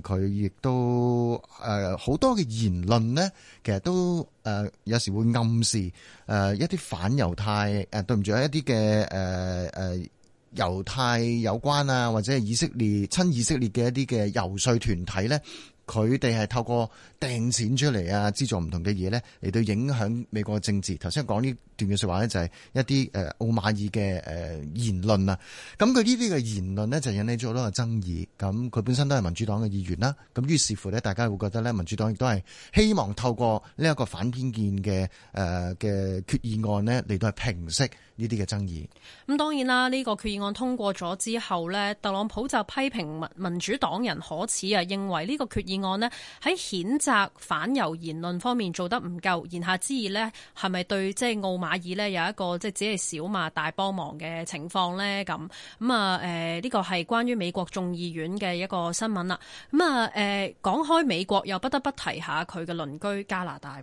E: 誒，佢、呃、亦都誒好、呃、多嘅言論咧，其實都誒有時會暗示誒、呃、一啲反猶太誒、呃，對唔住，一啲嘅誒誒猶太有關啊，或者係以色列親以色列嘅一啲嘅遊説團體咧，佢哋係透過，掟錢出嚟啊，資助唔同嘅嘢呢，嚟到影響美國嘅政治。頭先講呢段嘅説話呢，就係、是、一啲誒奧馬爾嘅誒言論啊。咁佢呢啲嘅言論呢，就引起咗好多嘅爭議。咁佢本身都係民主黨嘅議員啦。咁於是乎呢，大家會覺得呢，民主黨亦都係希望透過呢一個反偏見嘅誒嘅決議案呢，嚟到係平息呢啲嘅爭議。
F: 咁當然啦，呢、這個決議案通過咗之後呢，特朗普就批評民民主黨人可恥啊，認為呢個決議案呢，喺顯反猶言論方面做得唔夠，言下之意呢係咪對即係奧馬爾呢有一個即係只係小馬大幫忙嘅情況呢？咁咁啊？誒，呢個係關於美國眾議院嘅一個新聞啦。咁、嗯、啊？誒、嗯，講開美國又不得不提下佢嘅鄰居加拿大。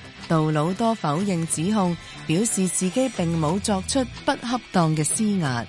G: 杜魯多否認指控，表示自己並冇作出不恰當
F: 嘅施壓。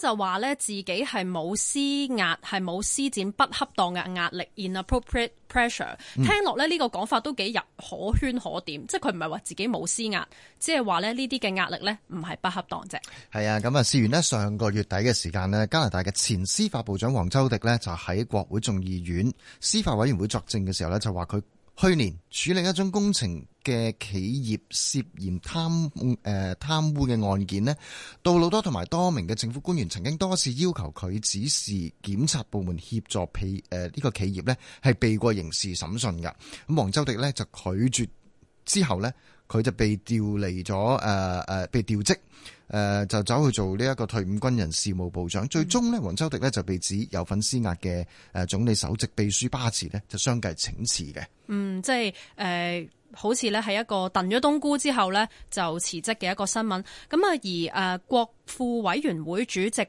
F: 就話咧自己係冇施壓，係冇施展不恰當嘅壓力 （inappropriate pressure）。聽落咧呢個講法都幾入可圈可點，即係佢唔係話自己冇施壓，即係話咧呢啲嘅壓力咧唔係不恰當啫。
E: 係啊，咁啊，試完呢上個月底嘅時間呢，加拿大嘅前司法部長王周迪呢就喺國會眾議院司法委員會作證嘅時候咧就話佢去年處理一宗工程。嘅企業涉嫌貪誒貪污嘅案件呢，杜魯多同埋多名嘅政府官員曾經多次要求佢指示檢察部門協助庇誒呢個企業呢係避過刑事審訊嘅。咁黃周迪呢就拒絕，之後呢，佢就被調離咗誒誒被調職，誒、呃、就走去做呢一個退伍軍人事務部長。嗯、最終呢，黃周迪呢就被指有份施壓嘅誒總理首席秘書巴茨呢就相繼請辭嘅。
F: 嗯，即係誒。呃好似咧係一個燉咗冬菇之後咧就辭職嘅一個新聞，咁啊而誒國庫委員會主席。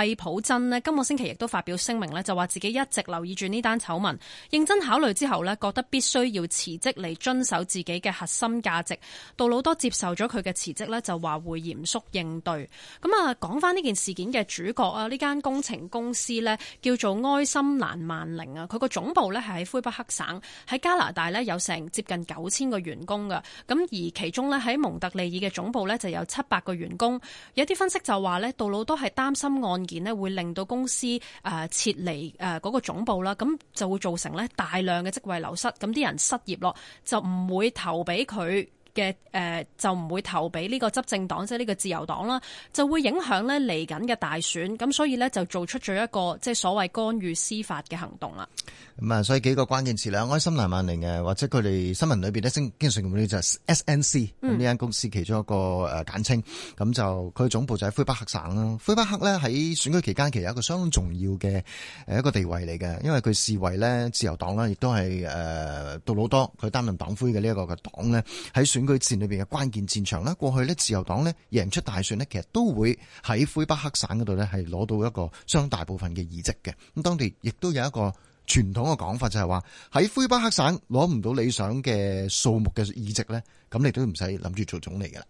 F: 費普真呢，今個星期亦都發表聲明呢就話自己一直留意住呢單醜聞，認真考慮之後呢覺得必須要辭職嚟遵守自己嘅核心價值。杜魯多接受咗佢嘅辭職呢就話會嚴肅應對。咁啊，講翻呢件事件嘅主角啊，呢間工程公司呢叫做埃森蘭萬靈啊，佢個總部呢係喺魁北克省，喺加拿大呢有成接近九千個員工㗎。咁而其中呢，喺蒙特利爾嘅總部呢就有七百個員工。有啲分析就話呢，杜魯多係擔心案件咧會令到公司誒撤離誒嗰個總部啦，咁就會造成咧大量嘅職位流失，咁啲人失業咯，就唔會投俾佢。嘅誒就唔會投俾呢個執政黨，即係呢個自由黨啦，就會影響咧嚟緊嘅大選，咁所以咧就做出咗一個即係所謂干預司法嘅行動啦。
E: 咁、嗯、啊，所以幾個關鍵詞咧，我心、蘭萬靈或者佢哋新聞裏邊咧，經經常用嘅就係 SNC 咁、嗯、呢間公司其中一個誒簡稱，咁就佢嘅總部就喺魁北克省啦。魁北克咧喺選舉期間其實有一個相當重要嘅誒一個地位嚟嘅，因為佢視為咧自由黨啦，亦都係誒杜魯多佢擔任黨魁嘅呢一個嘅黨咧喺選選舉戰裏邊嘅關鍵戰場啦，過去咧自由黨咧贏出大選呢，其實都會喺魁北克省嗰度咧係攞到一個相當大部分嘅議席嘅。咁當地亦都有一個傳統嘅講法，就係話喺魁北克省攞唔到理想嘅數目嘅議席咧，咁你都唔使諗住做總理嘅啦。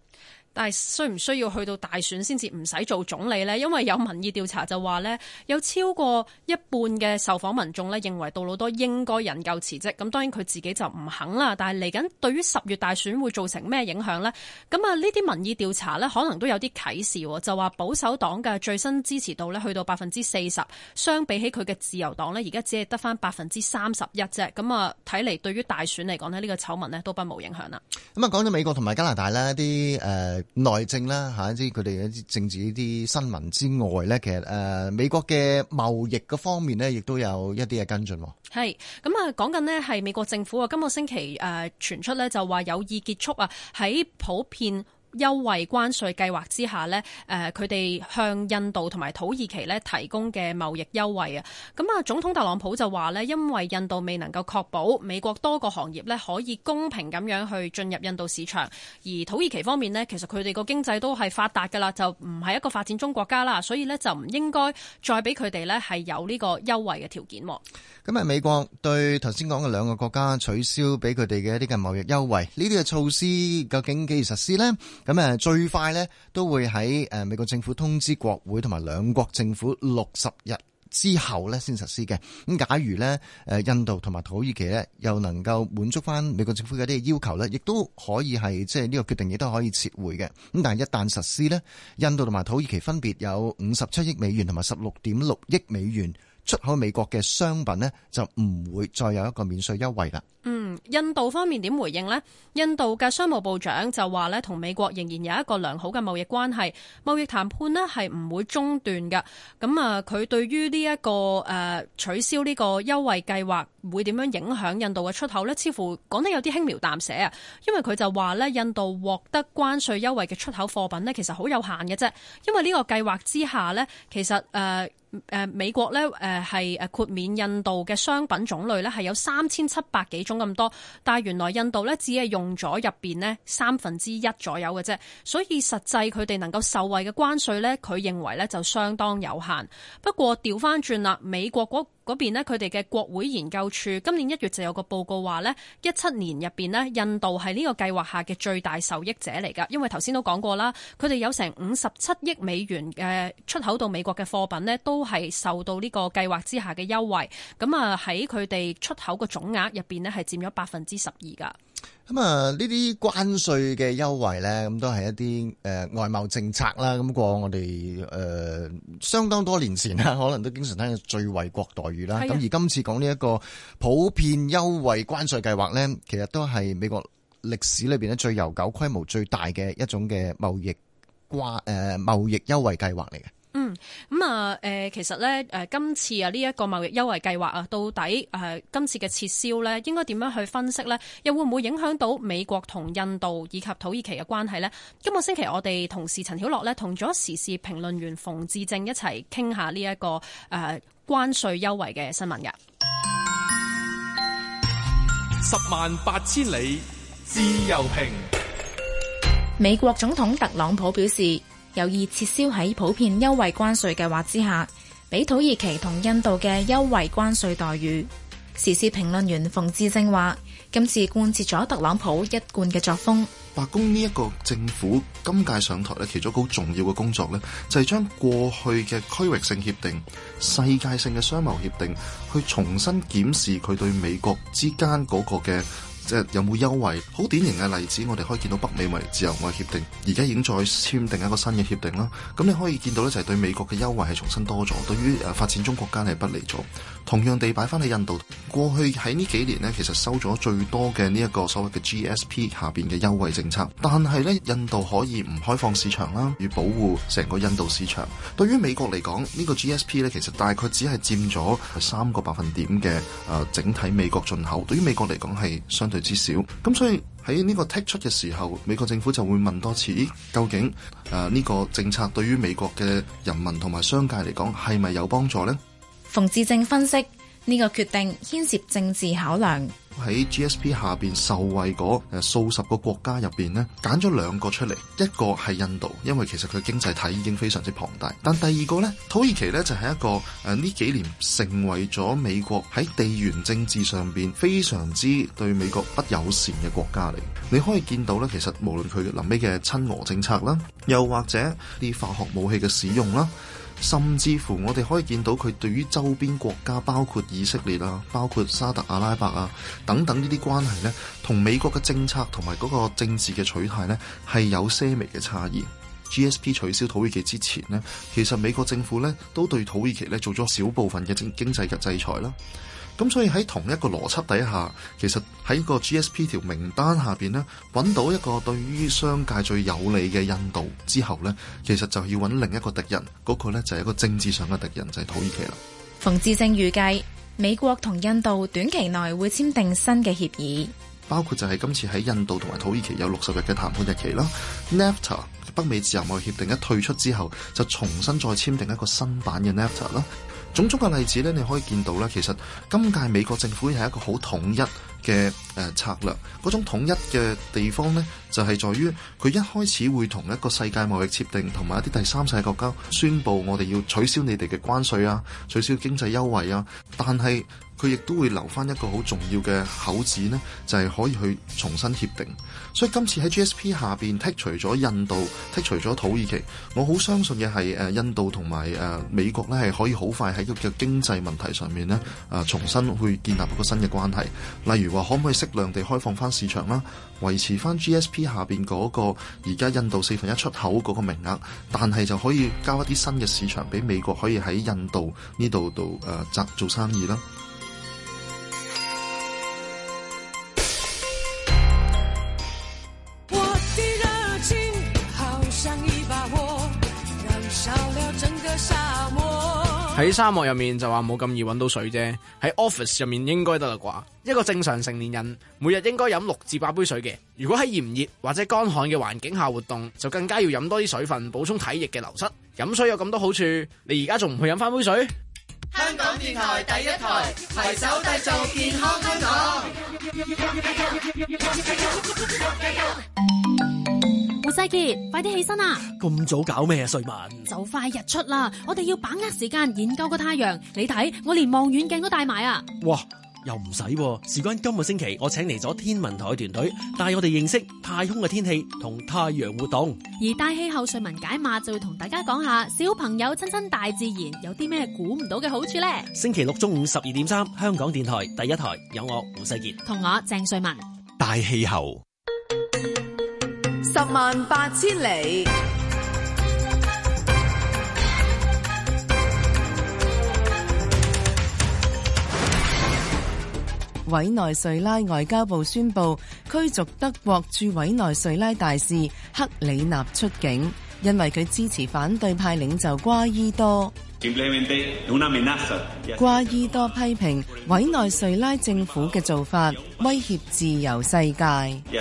F: 但係需唔需要去到大選先至唔使做總理呢？因為有民意調查就話呢有超過一半嘅受訪民眾呢認為杜魯多應該引咎辭職。咁當然佢自己就唔肯啦。但係嚟緊對於十月大選會造成咩影響呢？咁啊，呢啲民意調查呢可能都有啲啟示，就話保守黨嘅最新支持度呢去到百分之四十，相比起佢嘅自由黨呢而家只係得翻百分之三十一啫。咁啊，睇嚟對於大選嚟講呢，呢個醜聞呢都不無影響啦。
E: 咁啊，講到美國同埋加拿大呢啲誒。內政啦，吓即係佢哋一啲政治呢啲新聞之外咧，其實誒美國嘅貿易嘅方面呢，亦都有一啲嘅跟進。
F: 係咁啊，講緊呢係美國政府啊，今個星期誒傳出呢就話有意結束啊，喺普遍優惠關稅計劃之下呢誒，佢哋向印度同埋土耳其呢提供嘅貿易優惠啊，咁啊，總統特朗普就話呢，因為印度未能夠確保美國多個行業呢可以公平咁樣去進入印度市場，而土耳其方面呢，其實佢哋個經濟都係發達噶啦，就唔係一個發展中國家啦，所以呢，就唔應該再俾佢哋呢係有呢個優惠嘅條件。
E: 咁啊，美國對頭先講嘅兩個國家取消俾佢哋嘅一啲嘅貿易優惠，呢啲嘅措施究竟幾時實施呢？咁誒最快咧，都會喺誒美國政府通知國會同埋兩國政府六十日之後咧，先實施嘅。咁假如咧，誒印度同埋土耳其咧，又能夠滿足翻美國政府嘅啲要求咧，亦都可以係即係呢個決定，亦都可以撤回嘅。咁但係一旦實施咧，印度同埋土耳其分別有五十七億美元同埋十六點六億美元出口美國嘅商品咧，就唔會再有一個免稅優惠啦。
F: 印度方面點回應呢？印度嘅商務部長就話呢同美國仍然有一個良好嘅貿易關係，貿易談判呢係唔會中斷嘅。咁啊、這個，佢對於呢一個誒取消呢個優惠計劃會點樣影響印度嘅出口呢？似乎講得有啲輕描淡寫啊。因為佢就話呢印度獲得關稅優惠嘅出口貨品呢，其實好有限嘅啫。因為呢個計劃之下呢，其實誒。誒美國呢誒係誒豁免印度嘅商品種類呢係有三千七百幾種咁多，但係原來印度呢只係用咗入邊呢三分之一左右嘅啫，所以實際佢哋能夠受惠嘅關稅呢，佢認為呢就相當有限。不過調翻轉啦，美國嗰嗰邊呢，佢哋嘅國會研究處今年一月就有個報告話呢一七年入面呢，印度係呢個計劃下嘅最大受益者嚟噶，因為頭先都講過啦，佢哋有成五十七億美元嘅出口到美國嘅貨品呢，都係受到呢個計劃之下嘅優惠。咁啊，喺佢哋出口嘅總額入面呢，係佔咗百分之十二噶。
E: 咁啊，呢啲關稅嘅優惠咧，咁都係一啲誒外貿政策啦。咁過我哋誒、呃、相當多年前啦，可能都經常聽到最惠國待遇啦。咁而今次講呢一個普遍優惠關稅計劃咧，其實都係美國歷史裏邊咧最悠久、規模最大嘅一種嘅貿易關誒貿易優惠計劃嚟嘅。
F: 嗯，咁、嗯、啊，誒、呃，其實咧，誒，今次啊，呢一個貿易優惠計劃啊，到底誒、呃，今次嘅撤銷咧，應該點樣去分析咧？又會唔會影響到美國同印度以及土耳其嘅關係咧？今個星期我哋同事陳曉樂咧，同咗時事評論員馮志正一齊傾下呢一個誒、呃、關稅優惠嘅新聞嘅。
H: 十萬八千里自由平，
F: 美國總統特朗普表示，有意撤銷喺普遍優惠關稅計劃之下，俾土耳其同印度嘅優惠關稅待遇。時事評論員馮志正話：今次貫徹咗特朗普一貫嘅作風。
H: 白宮呢一個政府今屆上台咧，其中好重要嘅工作咧，就係將過去嘅區域性協定、世界性嘅商貿協定，去重新檢視佢對美國之間嗰個嘅。即係有冇優惠？好典型嘅例子，我哋可以見到北美為自由貿易協定，而家已經再簽訂一個新嘅協定啦。咁你可以見到咧，就係對美國嘅優惠係重新多咗，對於誒發展中國家係不利咗。同樣地擺翻喺印度，過去喺呢幾年呢其實收咗最多嘅呢一個所謂嘅 GSP 下面嘅優惠政策。但係呢，印度可以唔開放市場啦，與保護成個印度市場。對於美國嚟講，呢個 GSP 呢其實大概只係佔咗三個百分點嘅整體美國進口。對於美國嚟講係相對之少。咁所以喺呢個剔出嘅時候，美國政府就會問多次，究竟誒呢個政策對於美國嘅人民同埋商界嚟講係咪有幫助呢？
F: 馮智政分析呢個決定牽涉政治考量，
H: 喺 GSP 下邊受惠嗰誒數十個國家入邊咧，揀咗兩個出嚟，一個係印度，因為其實佢經濟體已經非常之龐大，但第二個咧土耳其咧就係一個誒呢幾年成為咗美國喺地緣政治上邊非常之對美國不友善嘅國家嚟。你可以見到咧，其實無論佢臨尾嘅親俄政策啦，又或者啲化學武器嘅使用啦。甚至乎，我哋可以見到佢對於周邊國家，包括以色列啊，包括沙特阿拉伯啊等等呢啲關係呢，同美國嘅政策同埋嗰個政治嘅取態呢，係有些微嘅差異。GSP 取消土耳其之前呢，其實美國政府呢，都對土耳其呢做咗少部分嘅經經濟嘅制裁啦。咁所以喺同一個邏輯底下，其實喺個 GSP 條名單下邊咧，揾到一個對於商界最有利嘅印度之後咧，其實就要揾另一個敵人，嗰、那個咧就係、是、一個政治上嘅敵人就係、是、土耳其啦。
F: 馮智政預計美國同印度短期內會簽訂新嘅協議，
H: 包括就係今次喺印度同埋土耳其有六十日嘅談判日期啦。 NAFTA 北美自由貿易協定一退出之後，就重新再簽訂一個新版嘅 NAFTA 啦。種種嘅例子咧，你可以見到咧，其實今屆美國政府係一個好統一嘅誒策略。嗰種統一嘅地方呢，就係在於佢一開始會同一個世界貿易協定同埋一啲第三世界國家宣佈我哋要取消你哋嘅關稅啊，取消經濟優惠啊，但係。佢亦都會留翻一個好重要嘅口子呢，就係可以去重新協定。所以今次喺 GSP 下面剔除咗印度，剔除咗土耳其，我好相信嘅係印度同埋美國呢係可以好快喺一個經濟問題上面呢重新去建立一個新嘅關係。例如話，可唔可以適量地開放翻市場啦，維持翻 GSP 下面嗰個而家印度四分一出口嗰個名額，但係就可以交一啲新嘅市場俾美國，可以喺印度呢度度誒做生意啦。喺沙漠入面就話冇咁易揾到水啫，喺 office 入面應該得啦啩。一個正常成年人每日應該飲六至八杯水嘅。如果喺炎熱或者乾旱嘅環境下活動，就更加要飲多啲水分，補充體液嘅流失。飲水有咁多好處，你而家仲唔去飲翻杯水？
E: 香
A: 港電台第一台，携手締造健康香
C: 港。
B: 胡世傑，快啲
F: 起身啊！咁早搞咩啊？瑞文，就快日出啦，我哋要把握時間研究個太陽。你睇，我連望遠鏡都帶埋啊！哇，又唔使喎。事關今個星期，我請嚟咗天文台團隊，帶我哋認識太空嘅天氣同太陽活動。而大氣候，瑞文解碼就會同大家講下，小朋友親親大自然有啲咩估唔到嘅好處咧。星期六中午十二點三，香港電台第一台有我胡世傑同我
G: 鄭瑞文
A: 大氣候。
G: 十萬八千里。委內瑞拉外交部宣布驅逐德國駐委內瑞拉大使克里納出境，因為佢支持反對派領袖瓜伊多。
D: 瓜
G: 伊多批評委內瑞拉政府嘅做法威脅自由世界。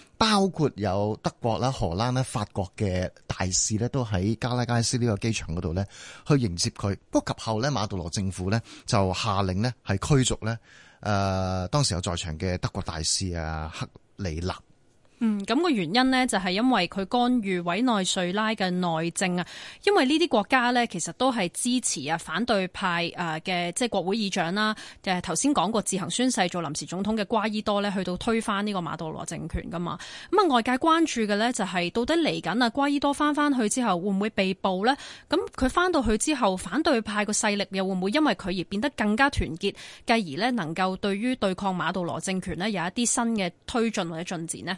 E: 包括有德國咧、荷蘭咧、法國嘅大使咧，都喺加拉加斯呢個機場嗰度咧，去迎接佢。不過及後咧，馬杜羅政府咧就下令咧係驅逐咧，誒當時有在場嘅德國大使啊克里納。
F: 嗯，咁個原因呢，就係因為佢干預委內瑞拉嘅內政啊，因為呢啲國家呢，其實都係支持啊反對派誒嘅即係國會議長啦就係頭先講過自行宣誓做臨時總統嘅瓜伊多呢，去到推翻呢個馬杜羅政權噶嘛。咁啊外界關注嘅呢，就係，就係到底嚟緊啊瓜伊多翻返去之後會唔會被捕呢？咁佢翻到去之後，反對派個勢力又會唔會因為佢而變得更加團結，繼而呢，能夠對於對抗馬杜羅政權呢，有一啲新嘅推進或者進展呢。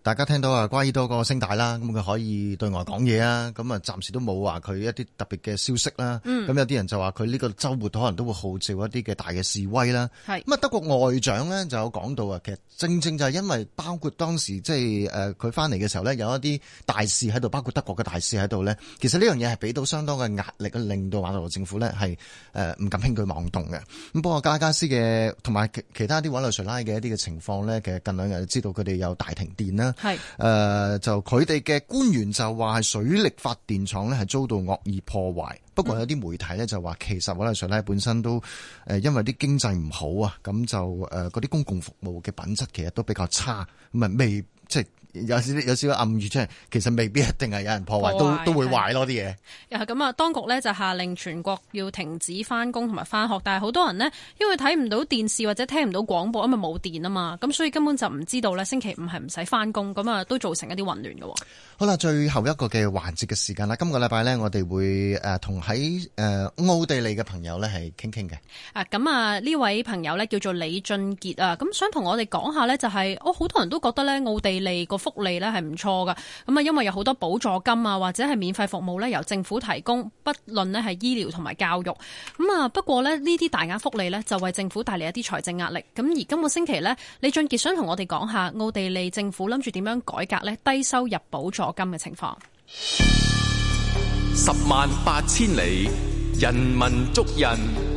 E: 大家聽到啊，瓜爾多個聲大啦，咁佢可以對外講嘢啊，咁啊暫時都冇話佢一啲特別嘅消息啦。咁、嗯、有啲人就話佢呢個周末可能都會號召一啲嘅大嘅示威啦。係咁啊，德國外長咧就有講到啊，其實正正就係因為包括當時即係誒佢翻嚟嘅時候咧，有一啲大使喺度，包括德國嘅大使喺度咧，其實呢樣嘢係俾到相當嘅壓力，令到馬杜羅政府咧係誒唔敢輕舉妄動嘅。咁不過加拉加斯嘅同埋其其他啲委內瑞拉嘅一啲嘅情況咧，其實近兩日知道佢哋有大停電啦。係誒、呃，就佢哋嘅官員就話係水力發電廠咧，係遭到惡意破壞。不過有啲媒體咧就話、嗯，其實委內瑞拉本身都誒，因為啲經濟唔好啊，咁就誒嗰啲公共服務嘅品質其實都比較差，咁啊未即係。有少少有少暗語出嚟，其實未必一定係有人破壞，破壞都都會壞咯啲嘢。
F: 又咁啊，當局呢就下令全國要停止翻工同埋翻學，但係好多人呢，因為睇唔到電視或者聽唔到廣播，因為冇電啊嘛，咁所以根本就唔知道呢星期五係唔使翻工，咁啊都造成一啲混亂嘅。
E: 好啦，最後一個嘅環節嘅時間啦，今個禮拜呢，我哋會誒同喺誒奧地利嘅朋友呢係傾傾嘅。
F: 啊，咁啊呢位朋友呢叫做李俊傑啊，咁想同我哋講下呢、就是，就係我好多人都覺得呢奧地利個福利咧係唔錯噶咁啊因為有好多補助金啊或者係免費服務咧由政府提供，不論咧係醫療同埋教育，咁啊不過咧呢啲大額福利呢，就為政府帶嚟一啲財政壓力。咁而今個星期呢，李俊傑想同我哋講下奧地利政府諗住點樣改革咧低收入補助金嘅情況。
A: 十萬八千里，人民足印。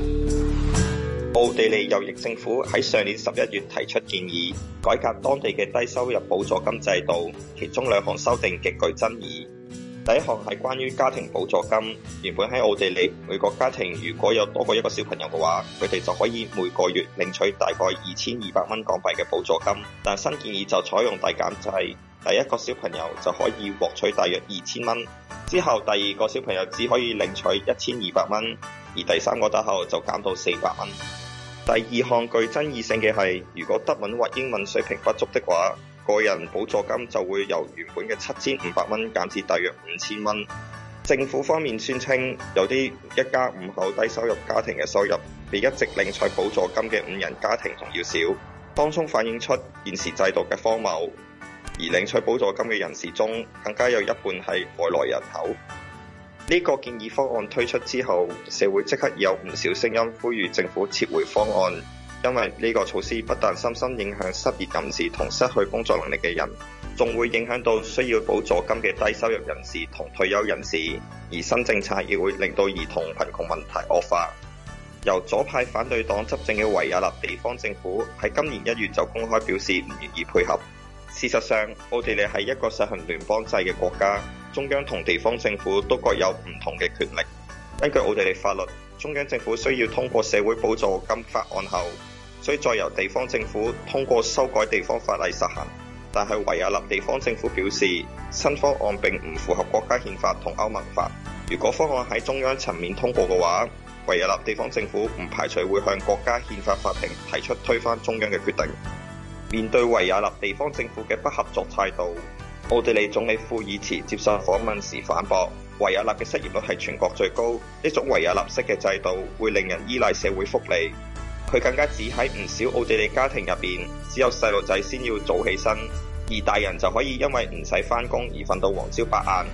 D: 奧地利右翼政府喺上年十一月提出建議，改革當地嘅低收入補助金制度，其中兩項修訂極具爭議。第一項係關於家庭補助金，原本喺奧地利每個家庭如果有多過一個小朋友嘅話，佢哋就可以每個月領取大概二千二百蚊港幣嘅補助金。但新建議就採用遞減制，第一個小朋友就可以獲取大約二千蚊，之後第二個小朋友只可以領取一千二百蚊，而第三個之後就減到四百蚊。第二項具爭議性嘅係，如果德文或英文水平不足的話，個人補助金就會由原本嘅七千五百蚊減至大約五千蚊。政府方面宣稱，有啲一家五口低收入家庭嘅收入，比一直領取補助金嘅五人家庭仲要少，當中反映出現時制度嘅荒謬。而領取補助金嘅人士中，更加有一半係外來人口。呢個建議方案推出之後，社會即刻有唔少聲音呼籲政府撤回方案，因為呢個措施不但深深影響失業人士同失去工作能力嘅人，仲會影響到需要補助金嘅低收入人士同退休人士，而新政策亦會令到兒童貧窮問題惡化。由左派反對黨執政嘅維也納地方政府喺今年一月就公開表示唔願意配合。事實上，奧地利係一個實行聯邦制嘅國家，中央同地方政府都各有唔同嘅權力。根據奧地利法律，中央政府需要通過社會補助金法案後，需再由地方政府通過修改地方法例實行。但係維也納地方政府表示，新方案並唔符合國家憲法同歐盟法。如果方案喺中央層面通過嘅話，維也納地方政府唔排除會向國家憲法法庭提出推翻中央嘅決定。面對維也納地方政府嘅不合作態度，奧地利總理庫爾茨接受訪問時反駁：維也納嘅失業率係全國最高，呢種維也納式嘅制度會令人依賴社會福利。佢更加指喺唔少奧地利家庭入面，只有細路仔先要早起身，而大人就可以因為唔使翻工而瞓到黃朝白晏。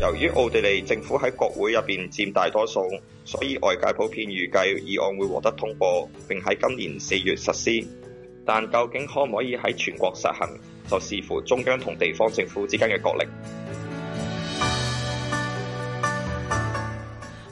D: 由於奧地利政府喺國會入面佔大多數，所以外界普遍預計議，議案會獲得通過，並喺今年四月實施。但究竟可唔可以喺全國實行，就視乎中央同地方政府之間嘅角力。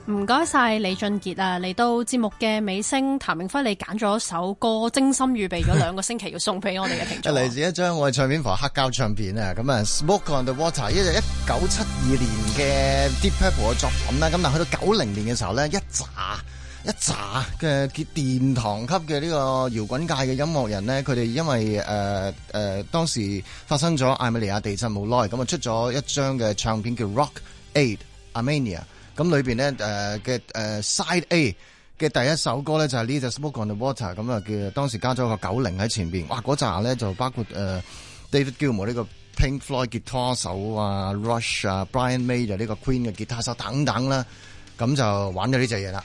F: 唔該晒，李俊傑啊！嚟到節目嘅尾聲，譚明輝你揀咗首歌，精心預備咗兩個星期，要送俾我哋嘅聽
E: 眾。嚟 自一張我嘅唱片，係黑膠唱片啊！咁啊，Smoke on the Water，一日一九七二年嘅 Deep Purple 嘅作品啦。咁但去到九零年嘅時候咧，一紮。一扎嘅叫殿堂級嘅呢個搖滾界嘅音樂人咧，佢哋因為誒誒、呃呃、當時發生咗艾美尼亞地震冇耐咁啊出咗一張嘅唱片叫 Rock Aid Armenia，咁裏邊咧誒嘅誒 Side A 嘅第一首歌咧就係呢隻 Smoke on the Water，咁啊叫當時加咗個九零喺前邊哇扎咧就包括誒、呃、David Gilmour 呢個 Pink Floyd 吉他手啊，Rush 啊，Brian May 就呢個 Queen 嘅吉他手等等啦，咁、啊、就玩咗呢隻嘢啦。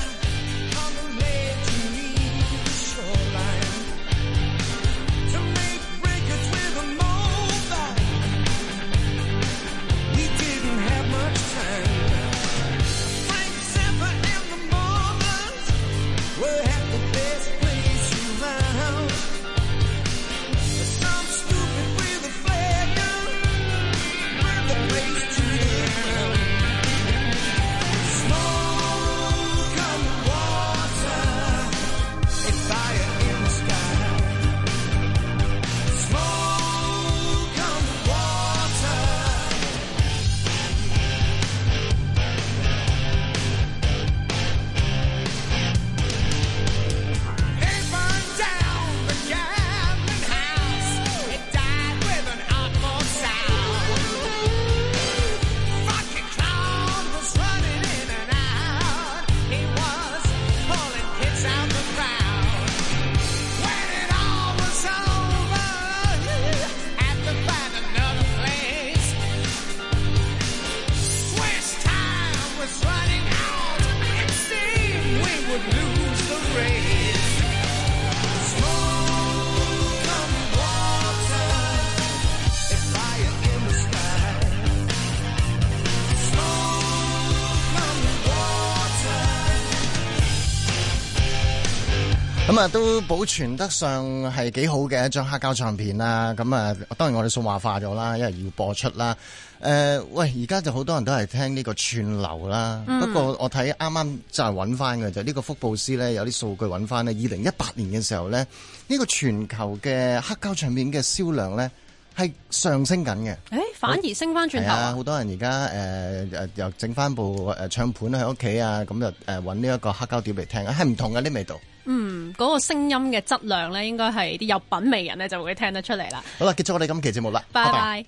E: 都保存得上係幾好嘅一張黑膠唱片啦。咁啊，當然我哋數碼化咗啦，因為要播出啦。誒、呃，喂，而家就好多人都係聽呢個串流啦、嗯。不過我睇啱啱就係搵翻嘅就呢個福布斯咧，有啲數據搵翻呢二零一八年嘅時候咧，呢、這個全球嘅黑膠唱片嘅銷量咧係上升緊嘅。誒、欸，
F: 反而升翻轉頭、嗯、啊！
E: 好多人而、呃、家誒又整翻部誒唱盤喺屋企啊，咁就誒搵呢一個黑膠碟嚟聽，係唔同嘅啲味道。
F: 嗯，嗰、那個聲音嘅質量咧，應該係啲有品味的人咧就會聽得出嚟啦。
E: 好啦，結束我哋今期節目啦，拜拜。